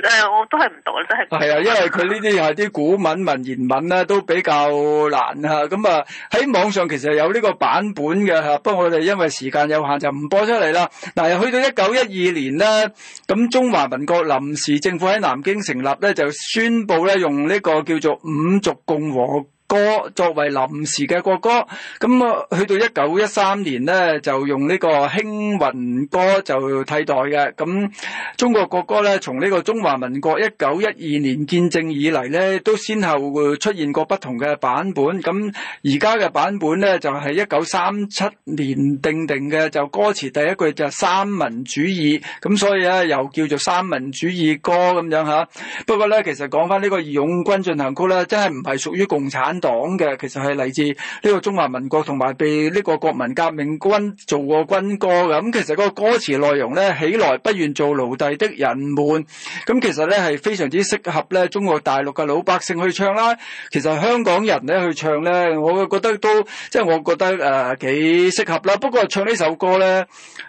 誒，我都係唔讀啦，真 係。係啊， 因為佢呢啲係啲古文、文言文咧，都比較難啊。咁啊，喺網上其實有呢個版本嘅嚇，不過我哋因為時間有限就唔播出嚟啦。嗱，去到一九一二年咧，咁中華民國臨時政府喺南京成立咧，就宣布咧用呢個叫做五族共和歌作為臨時嘅國歌，咁啊去到一九一三年咧，就用呢個《興雲歌》就替代嘅。咁中國國歌咧，從呢個中華民國一九一二年建政以嚟咧，都先後會出現過不同嘅版本。咁而家嘅版本咧就係一九三七年定定嘅，就歌詞第一句就係三民主義。咁所以咧又叫做三民主義歌咁樣吓。不過咧其實講翻呢個《義勇軍進行曲》咧，真係唔係屬於共產黨嘅其實係嚟自呢個中華民國同埋被呢個國民革命軍做過軍歌嘅，咁，其實個歌詞內容咧，起來不願做奴隸的人們，咁其實咧係非常之適合咧中國大陸嘅老百姓去唱啦。其實香港人咧去唱咧，我覺得都即係我覺得誒幾適合啦。不過唱呢首歌咧，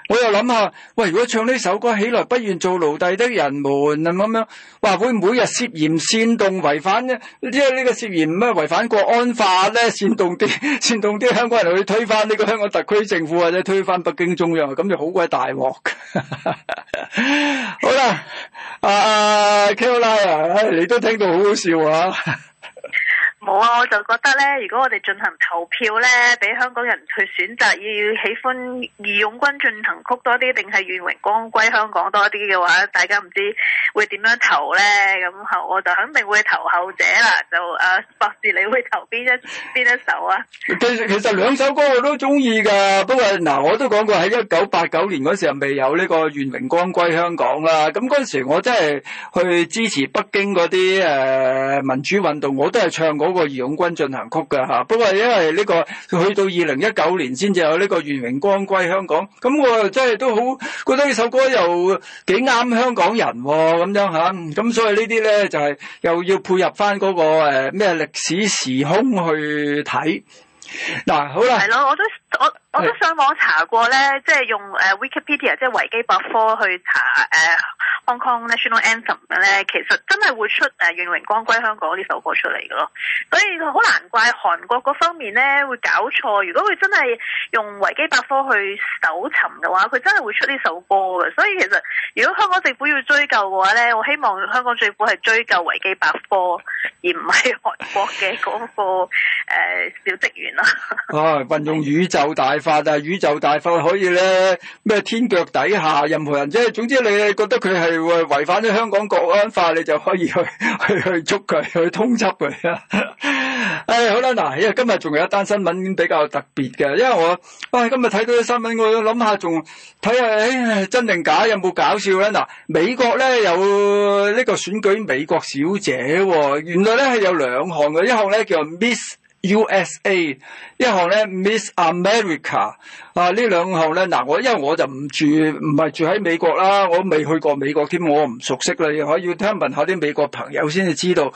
我又諗下喂，如果唱呢首歌起來不願做奴隸的人們啊，咁樣，哇會唔會每日涉嫌煽動違反即係呢個涉嫌咩違反國？安化呢煽動啲，煽動啲香港人去推翻呢個香港特區政府或者推翻北京中央，咁就 好鬼大鑊。好啦，啊 k 拉，啊、哎、你都聽到好好笑啊！冇啊！我就覺得咧，如果我哋進行投票咧，俾香港人去選擇，要喜歡義勇軍進行曲多啲，定係願榮光歸香港多啲嘅話，大家唔知會點樣投咧？咁後我就肯定會投後者啦。就誒，博士，你會投邊一邊一首啊其？其實兩首歌我都中意㗎，不過嗱，我都講過喺一九八九年嗰時候未有呢個願榮光歸香港啦。咁嗰陣時我真係去支持北京嗰啲誒民主運動，我都係唱嗰個義勇軍進行曲嘅吓，不過因為呢個去到二零一九年先至有呢個願榮光歸香港，咁我真係都好覺得呢首歌又幾啱香港人咁樣吓，咁所以呢啲咧就係又要配合翻嗰個誒咩歷史時空去睇。嗱，好啦，係咯，我都我我都上網查過咧，即係用誒 Wikipedia 即係維基百科去查誒。Hong Kong National Anthem 咧，其實真係會出誒，《願榮光歸香港》呢首歌出嚟嘅咯，所以好難怪韓國嗰方面咧會搞錯，如果佢真係用維基百科去搜尋嘅話，佢真係會出呢首歌嘅。所以其實如果香港政府要追究嘅話咧，我希望香港政府係追究維基百科，而唔係韓國嘅嗰、那個誒、 呃、小職員啦。啊， 運用宇宙大法啊，宇宙大法可以咧咩天腳底下任何人啫。總之你覺得佢係，會違反咗香港國安法，你就可以去去去捉佢，去通緝佢啊！唉、 哎，好啦，嗱，因為今日仲有一單新聞比較特別嘅，因為我唉、哎、今日睇到啲新聞，我諗下仲睇下，唉、哎、真定假，有冇搞笑咧？嗱，美國咧有呢個選舉美國小姐、哦，原來咧係有兩項嘅，一項咧叫 Miss USA，一項咧 Miss America。啊！兩項呢兩項咧，嗱、啊、我因為我就唔住，唔係住喺美國啦，我未去過美國添，我唔熟悉啦，你可以要聽問下啲美國朋友先至知道。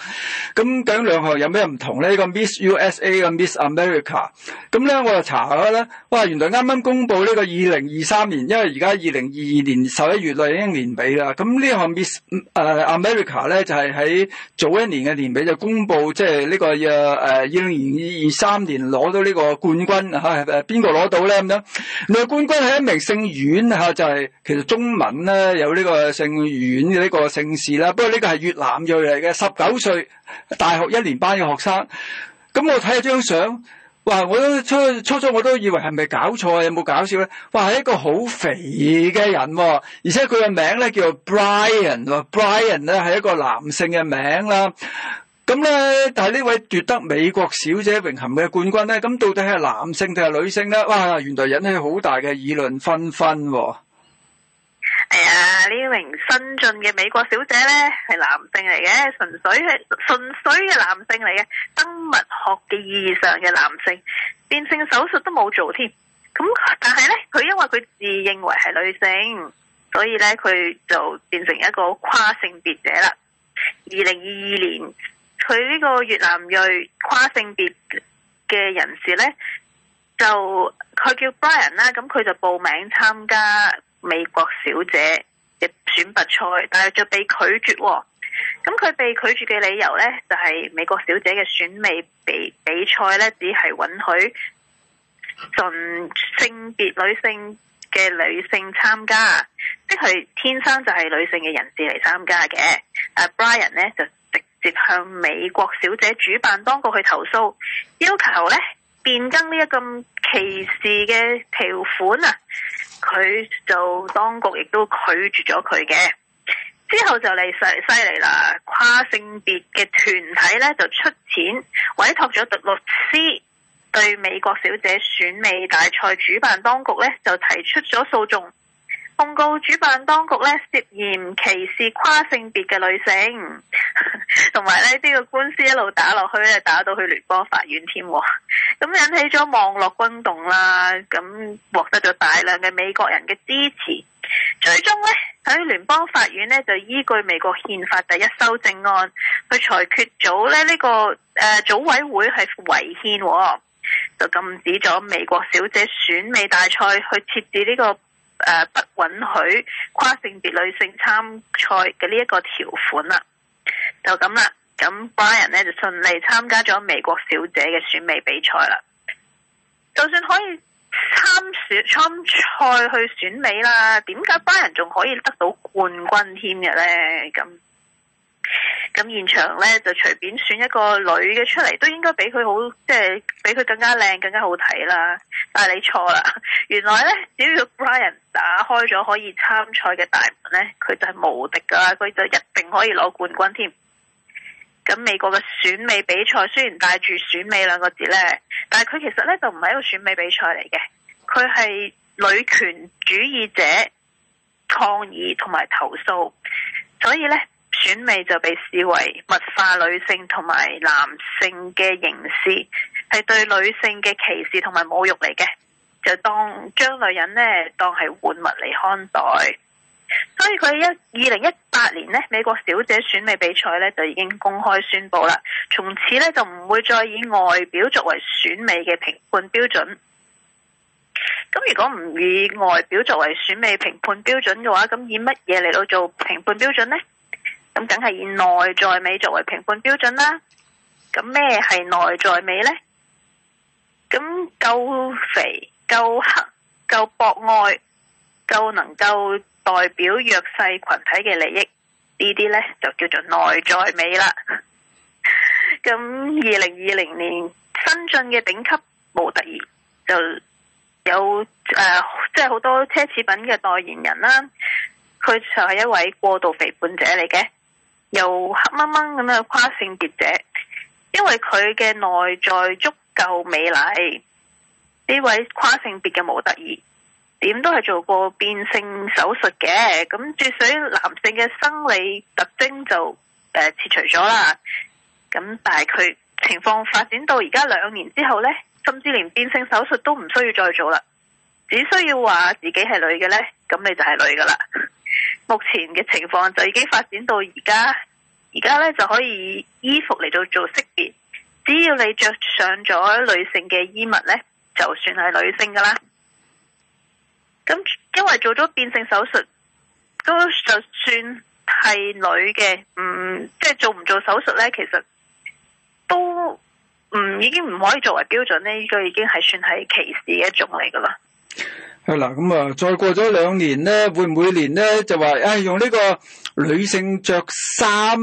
咁究竟兩項有咩唔同咧？呢、這個 Miss USA 嘅 Miss America，咁咧我就查下啦咧，哇！原來啱啱公布呢個二零二三年，因為而家二零二二年十一月啦，已經年尾啦。咁呢項 Miss 誒 America 咧就係、是、喺早一年嘅年尾就公布，即係呢個誒二零二二三年攞到呢個冠軍吓，誒邊個攞到咧咁樣？女冠軍係一名姓阮吓，就係、是，其實中文咧有呢個姓阮嘅呢個姓氏啦。不過呢個係越南裔嚟嘅，十九歲大學一年班嘅學生。咁我睇咗張相，哇！我都初初初我都以為係咪搞錯，有冇搞笑咧？哇！係一個好肥嘅人，而且佢嘅名咧叫 Brian，Brian 咧 Brian 係一個男性嘅名啦。咁咧，但係呢位奪得美國小姐榮銜嘅冠軍咧，咁到底係男性定係女性咧？哇，原來引起好大嘅議論紛紛喎。係啊、哎，呢名新晉嘅美國小姐咧係男性嚟嘅，純粹係純粹嘅男性嚟嘅，生物學嘅意義上嘅男性，變性手術都冇做添。咁但係咧，佢因為佢自認為係女性，所以咧佢就變成一個跨性別者啦。二零二二年。佢呢個越南裔跨性別嘅人士呢，就佢叫 Brian 啦，咁佢就報名參加美國小姐嘅選拔賽，但係就被拒絕喎。咁佢被拒絕嘅理由呢，就係、係、美國小姐嘅選美比比賽呢，只係允許純性別女性嘅女性參加，即係天生就係女性嘅人士嚟參加嘅。Brian 呢，就，直向美國小姐主辦當局去投訴，要求咧變更呢一個歧視嘅條款啊！佢就當局亦都拒絕咗佢嘅。之後就嚟犀犀利啦，跨性別嘅團體咧就出錢委託咗律師，對美國小姐選美大賽主辦當局咧就提出咗訴訟。控告主辦當局咧涉嫌歧視跨性別嘅女性，同埋咧呢個官司一路打落去咧，打到去聯邦法院添，咁引起咗網絡轟動啦，咁獲得咗大量嘅美國人嘅支持，最終咧喺聯邦法院呢，就依據美國憲法第一修正案去裁決組咧呢個誒組委會係違憲，就禁止咗美國小姐選美大賽去設置呢個。誒、啊，不允許跨性別女性參賽嘅呢一個條款啦，就咁啦。咁 Brian 呢就順利參加咗美國小姐嘅選美比賽啦。就算可以參選參賽去選美啦，點解 Brian 仲可以得到冠軍添嘅咧？咁？咁現場咧就隨便選一個女嘅出嚟，都應該比佢好，即係比佢更加靚、更加好睇啦。但係你錯啦，原來咧，只要 Brian 打開咗可以參賽嘅大門咧，佢就係無敵㗎啦，佢就一定可以攞冠軍添。咁美國嘅選美比賽雖然帶住選美兩個字咧，但係佢其實咧就唔係一個選美比賽嚟嘅，佢係女權主義者抗議同埋投訴，所以咧。選美就被視為物化女性同埋男性嘅形式，係對女性嘅歧視同埋侮辱嚟嘅，就當將女人呢當當係玩物嚟看待。所以佢喺二零一八年美國小姐選美比賽呢，就已經公開宣布啦，從此呢，就唔會再以外表作為選美嘅評判標準。咁如果唔以外表作為選美評判標準嘅話，咁以乜嘢嚟到做評判標準呢？咁梗係以內在美作為評判標準啦。咁咩係內在美呢？咁夠肥、夠黑、夠博愛、夠能夠代表弱勢群體嘅利益，呢啲呢就叫做內在美啦。咁二零二零年新晉嘅頂級模特兒就有誒，即係好多奢侈品嘅代言人啦。佢就係一位過度肥胖者嚟嘅。又黑掹掹咁樣跨性別者，因為佢嘅內在足夠美麗，呢位跨性別嘅模特兒，點都係做過變性手術嘅，咁至少男性嘅生理特徵就誒、呃、切除咗啦。咁但係佢情況發展到而家兩年之後呢，甚至連變性手術都唔需要再做啦，只需要話自己係女嘅呢，咁你就係女噶啦。目前嘅情況就已經發展到而家，而家咧就可以衣服嚟到做識別，只要你着上咗女性嘅衣物咧，就算係女性噶啦。咁因為做咗變性手術，都就算係女嘅，嗯，即係做唔做手術咧，其實都唔已經唔可以作為標準咧，呢個已經係算係歧視嘅一種嚟噶啦。係啦，咁啊，再過咗兩年咧，會唔會連咧就話、哎，用呢個女性着衫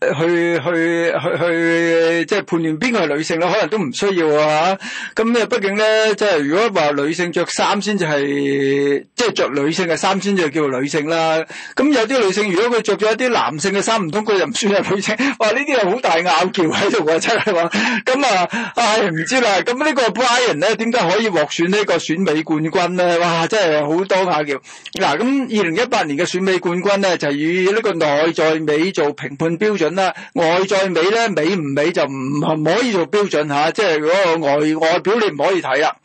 去去去去，即係、就是、判斷邊個係女性啦，可能都唔需要啊咁咧，畢竟咧，即、就、係、是、如果話女性着衫先至係，即係着女性嘅衫先至叫做女性啦。咁有啲女性如果佢着咗一啲男性嘅衫，唔通佢又唔算係女性？哇，呢啲係好大拗撬喺度啊，真係話。咁啊，唉、哎，唔知啦。咁呢個 Brian 咧，點解可以獲選呢個選美冠軍咧？啊，真係好多下叫嗱，咁二零一八年嘅選美冠軍咧，就係、以呢個內在美做評判標準啦。外在美咧，美唔美就唔唔可以做標準吓、啊。即係嗰個外外表你唔可以睇啊。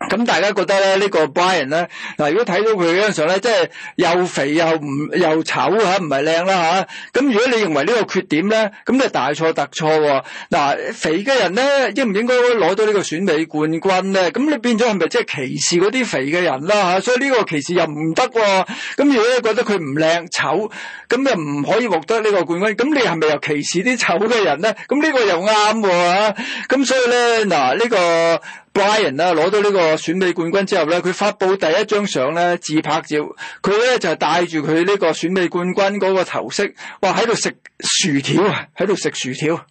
咁大家覺得咧呢、這個 Brian 咧嗱，如果睇到佢張相咧，即係又肥又唔又醜嚇，唔係靚啦嚇。咁、啊、如果你認為呢個缺點咧，咁就大錯特錯喎。嗱、啊，肥嘅人咧應唔應該攞到呢個選美冠軍咧？咁你變咗係咪即係歧視嗰啲肥嘅人啦？所以呢個歧視又唔得喎。咁如果你覺得佢唔靚醜，咁又唔可以獲得呢個冠軍。咁你係咪又歧視啲醜嘅人咧？咁呢個又啱喎。咁、啊、所以咧嗱，呢、啊這個。Y 人啦，攞到呢個選美冠軍之後咧，佢發佈第一張相咧，自拍照，佢咧就係戴住佢呢個選美冠軍嗰個頭飾，哇喺度食薯條啊，喺度食薯條。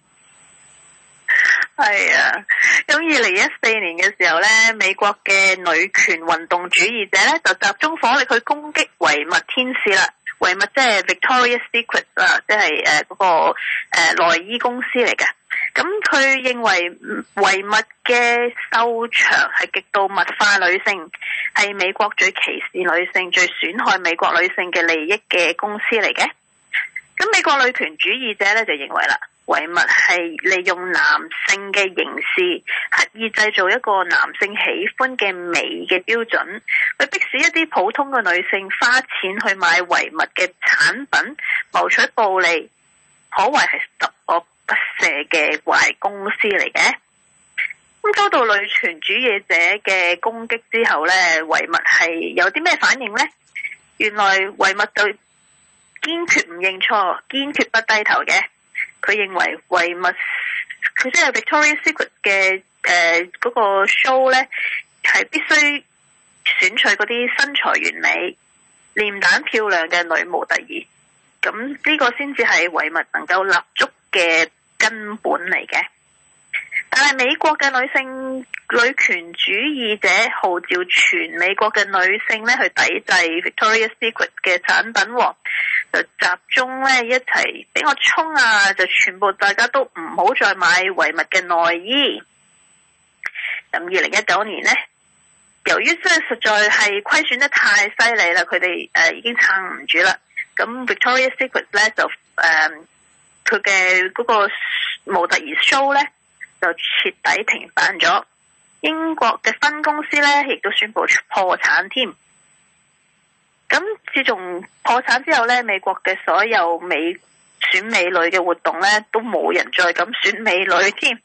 係啊，咁二零一四年嘅時候咧，美國嘅女權運動主義者咧就集中火力去攻擊維密天使啦，維密即係 Victoria's Secret 啦，即係誒嗰個誒內衣公司嚟嘅。咁佢認為維密嘅收場係極度物化女性，係美國最歧視女性、最損害美國女性嘅利益嘅公司嚟嘅。咁美國女權主義者咧就認為啦，維密係利用男性嘅凝視，刻意製造一個男性喜歡嘅美嘅標準，去迫使一啲普通嘅女性花錢去買維密嘅產品，謀取暴利，可謂係十惡。不捨嘅壞公司嚟嘅，咁遭到女權主義者嘅攻擊之後咧，維密係有啲咩反應咧？原來維密對堅決唔認錯，堅決不低頭嘅。佢認為維密，佢即係 Victoria Secret 嘅嗰、呃那個 show 咧，係必須選取嗰啲身材完美、臉蛋漂亮嘅女模特兒。咁呢個先至係維密能夠立足嘅。根本嚟嘅，但係美國嘅女性女權主義者號召全美國嘅女性咧去抵制 Victoria's Secret 嘅產品，哦，就集中咧一齊俾我沖啊，就全部大家都唔好再買維密嘅內衣。咁二零一九年呢，由於真係實在係虧損得太犀利啦，佢哋誒已經撐唔住啦。咁 Victoria's Secret 咧就誒、呃佢嘅嗰個模特兒 show 咧就徹底停辦咗，英國嘅分公司咧亦都宣布破產添。咁自從破產之後咧，美國嘅所有美選美女嘅活動咧都冇人再咁選美女添，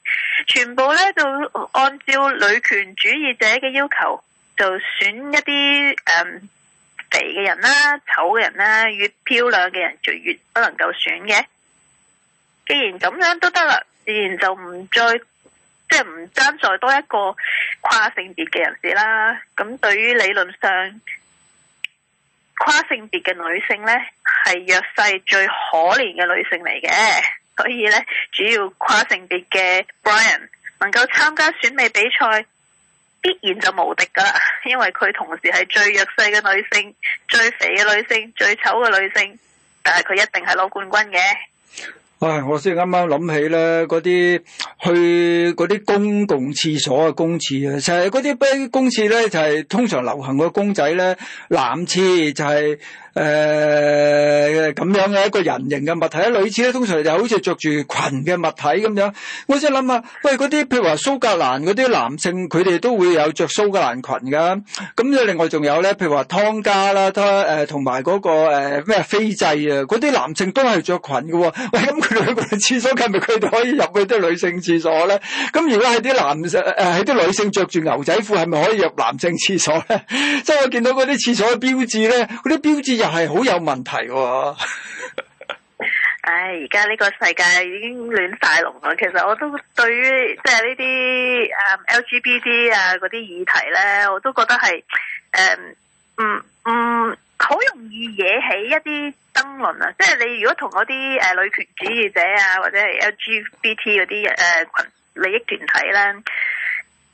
全部咧就按照女權主義者嘅要求，就選一啲、嗯、肥嘅人啦、啊、醜嘅人啦、啊、越漂亮嘅人就越不能夠選嘅。既然咁樣都得啦，自然就唔再即係唔爭再多一個跨性別嘅人士啦。咁對於理論上跨性別嘅女性呢，係弱勢最可憐嘅女性嚟嘅。所以呢，主要跨性別嘅 Brian 能夠參加選美比賽，必然就無敵噶啦。因為佢同時係最弱勢嘅女性、最肥嘅女性、最醜嘅女性，但係佢一定係攞冠軍嘅。唉，我先啱啱諗起咧，嗰啲去嗰啲公共廁所嘅公廁啊，就係嗰啲公廁咧，就係、是、通常流行個公仔咧，男廁就係、是。誒，咁、呃、樣嘅一個人形嘅物體，女廁咧通常就好似着住裙嘅物體咁樣。我先諗下，喂，嗰啲譬如話蘇格蘭嗰啲男性，佢哋都會有着蘇格蘭裙噶。咁、嗯、咧，另外仲有咧，譬如話湯家啦，誒、那個，同埋嗰個誒咩飛制啊，嗰啲男性都係着裙噶、哦。喂，咁佢哋去廁所係咪佢哋可以入去啲女性廁所咧？咁如果係啲男性誒，係、呃、啲女性着住牛仔褲，係咪可以入男性廁所咧？即 係我見到嗰啲廁所嘅標誌咧，嗰啲標誌。但係好有問題喎，啊 哎！唉，而家呢個世界已經亂晒龍啦。其實我都對於即係呢啲啊 LGBT 啊嗰啲議題呢，我都覺得係誒嗯嗯好容易惹起一啲爭論啊！即、就、係、是、你如果同嗰啲誒女權主義者啊，或者係 LGBT 嗰啲誒群利益團體呢，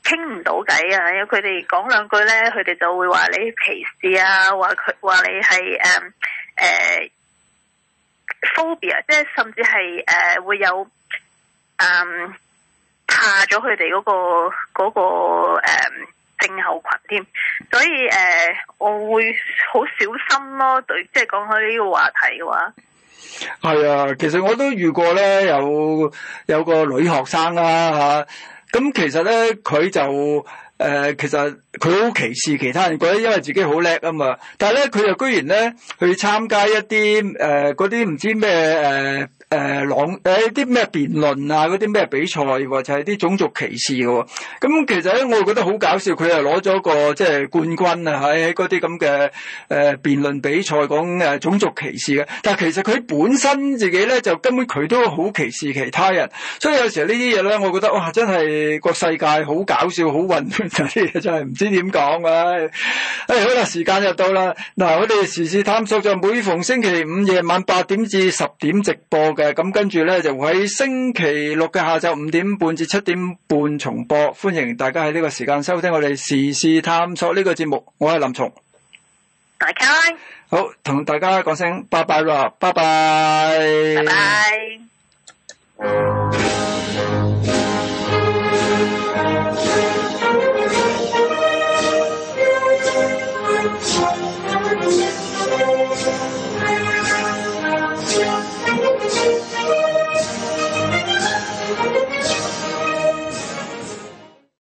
傾唔到偈啊！因為佢哋講兩句咧，佢哋就會話你歧視啊，話佢話你係誒誒、嗯嗯、phobia，即係甚至係誒、嗯、會有嗯怕咗佢哋嗰個嗰、嗰個誒、嗯、症候群添。所以誒、嗯，我會好小心咯。對，即係講開呢個話題嘅話，係啊，其實我都遇過咧，有有個女學生啦、啊、吓。啊咁其實咧，佢就誒、呃，其實佢好歧視其他人，覺得因為自己好叻啊嘛。但係咧，佢又居然咧去參加一啲誒嗰啲唔知咩誒。呃誒，朗誒啲咩辯論啊，嗰啲咩比賽，或就係啲種族歧視嘅。咁其實咧，我覺得好搞笑，佢係攞咗個即係冠軍啊，喺嗰啲咁嘅誒辯論比賽講誒種族歧視嘅，但係其實佢本身自己咧就根本佢都好歧視其他人，所以有時候呢啲嘢咧，我覺得哇，真係個世界好搞笑，好混亂，啲 嘢真係唔知點講嘅。誒、哎哎、好啦，時間又到啦，嗱，我哋時事探索就每逢星期五夜晚八點至十點直播。咁跟住咧就會喺星期六嘅下晝五點半至七點半重播，歡迎大家喺呢個時間收聽我哋時事探索呢個節目。我係林松，大家好，同大家講聲拜拜啦，拜拜，拜拜。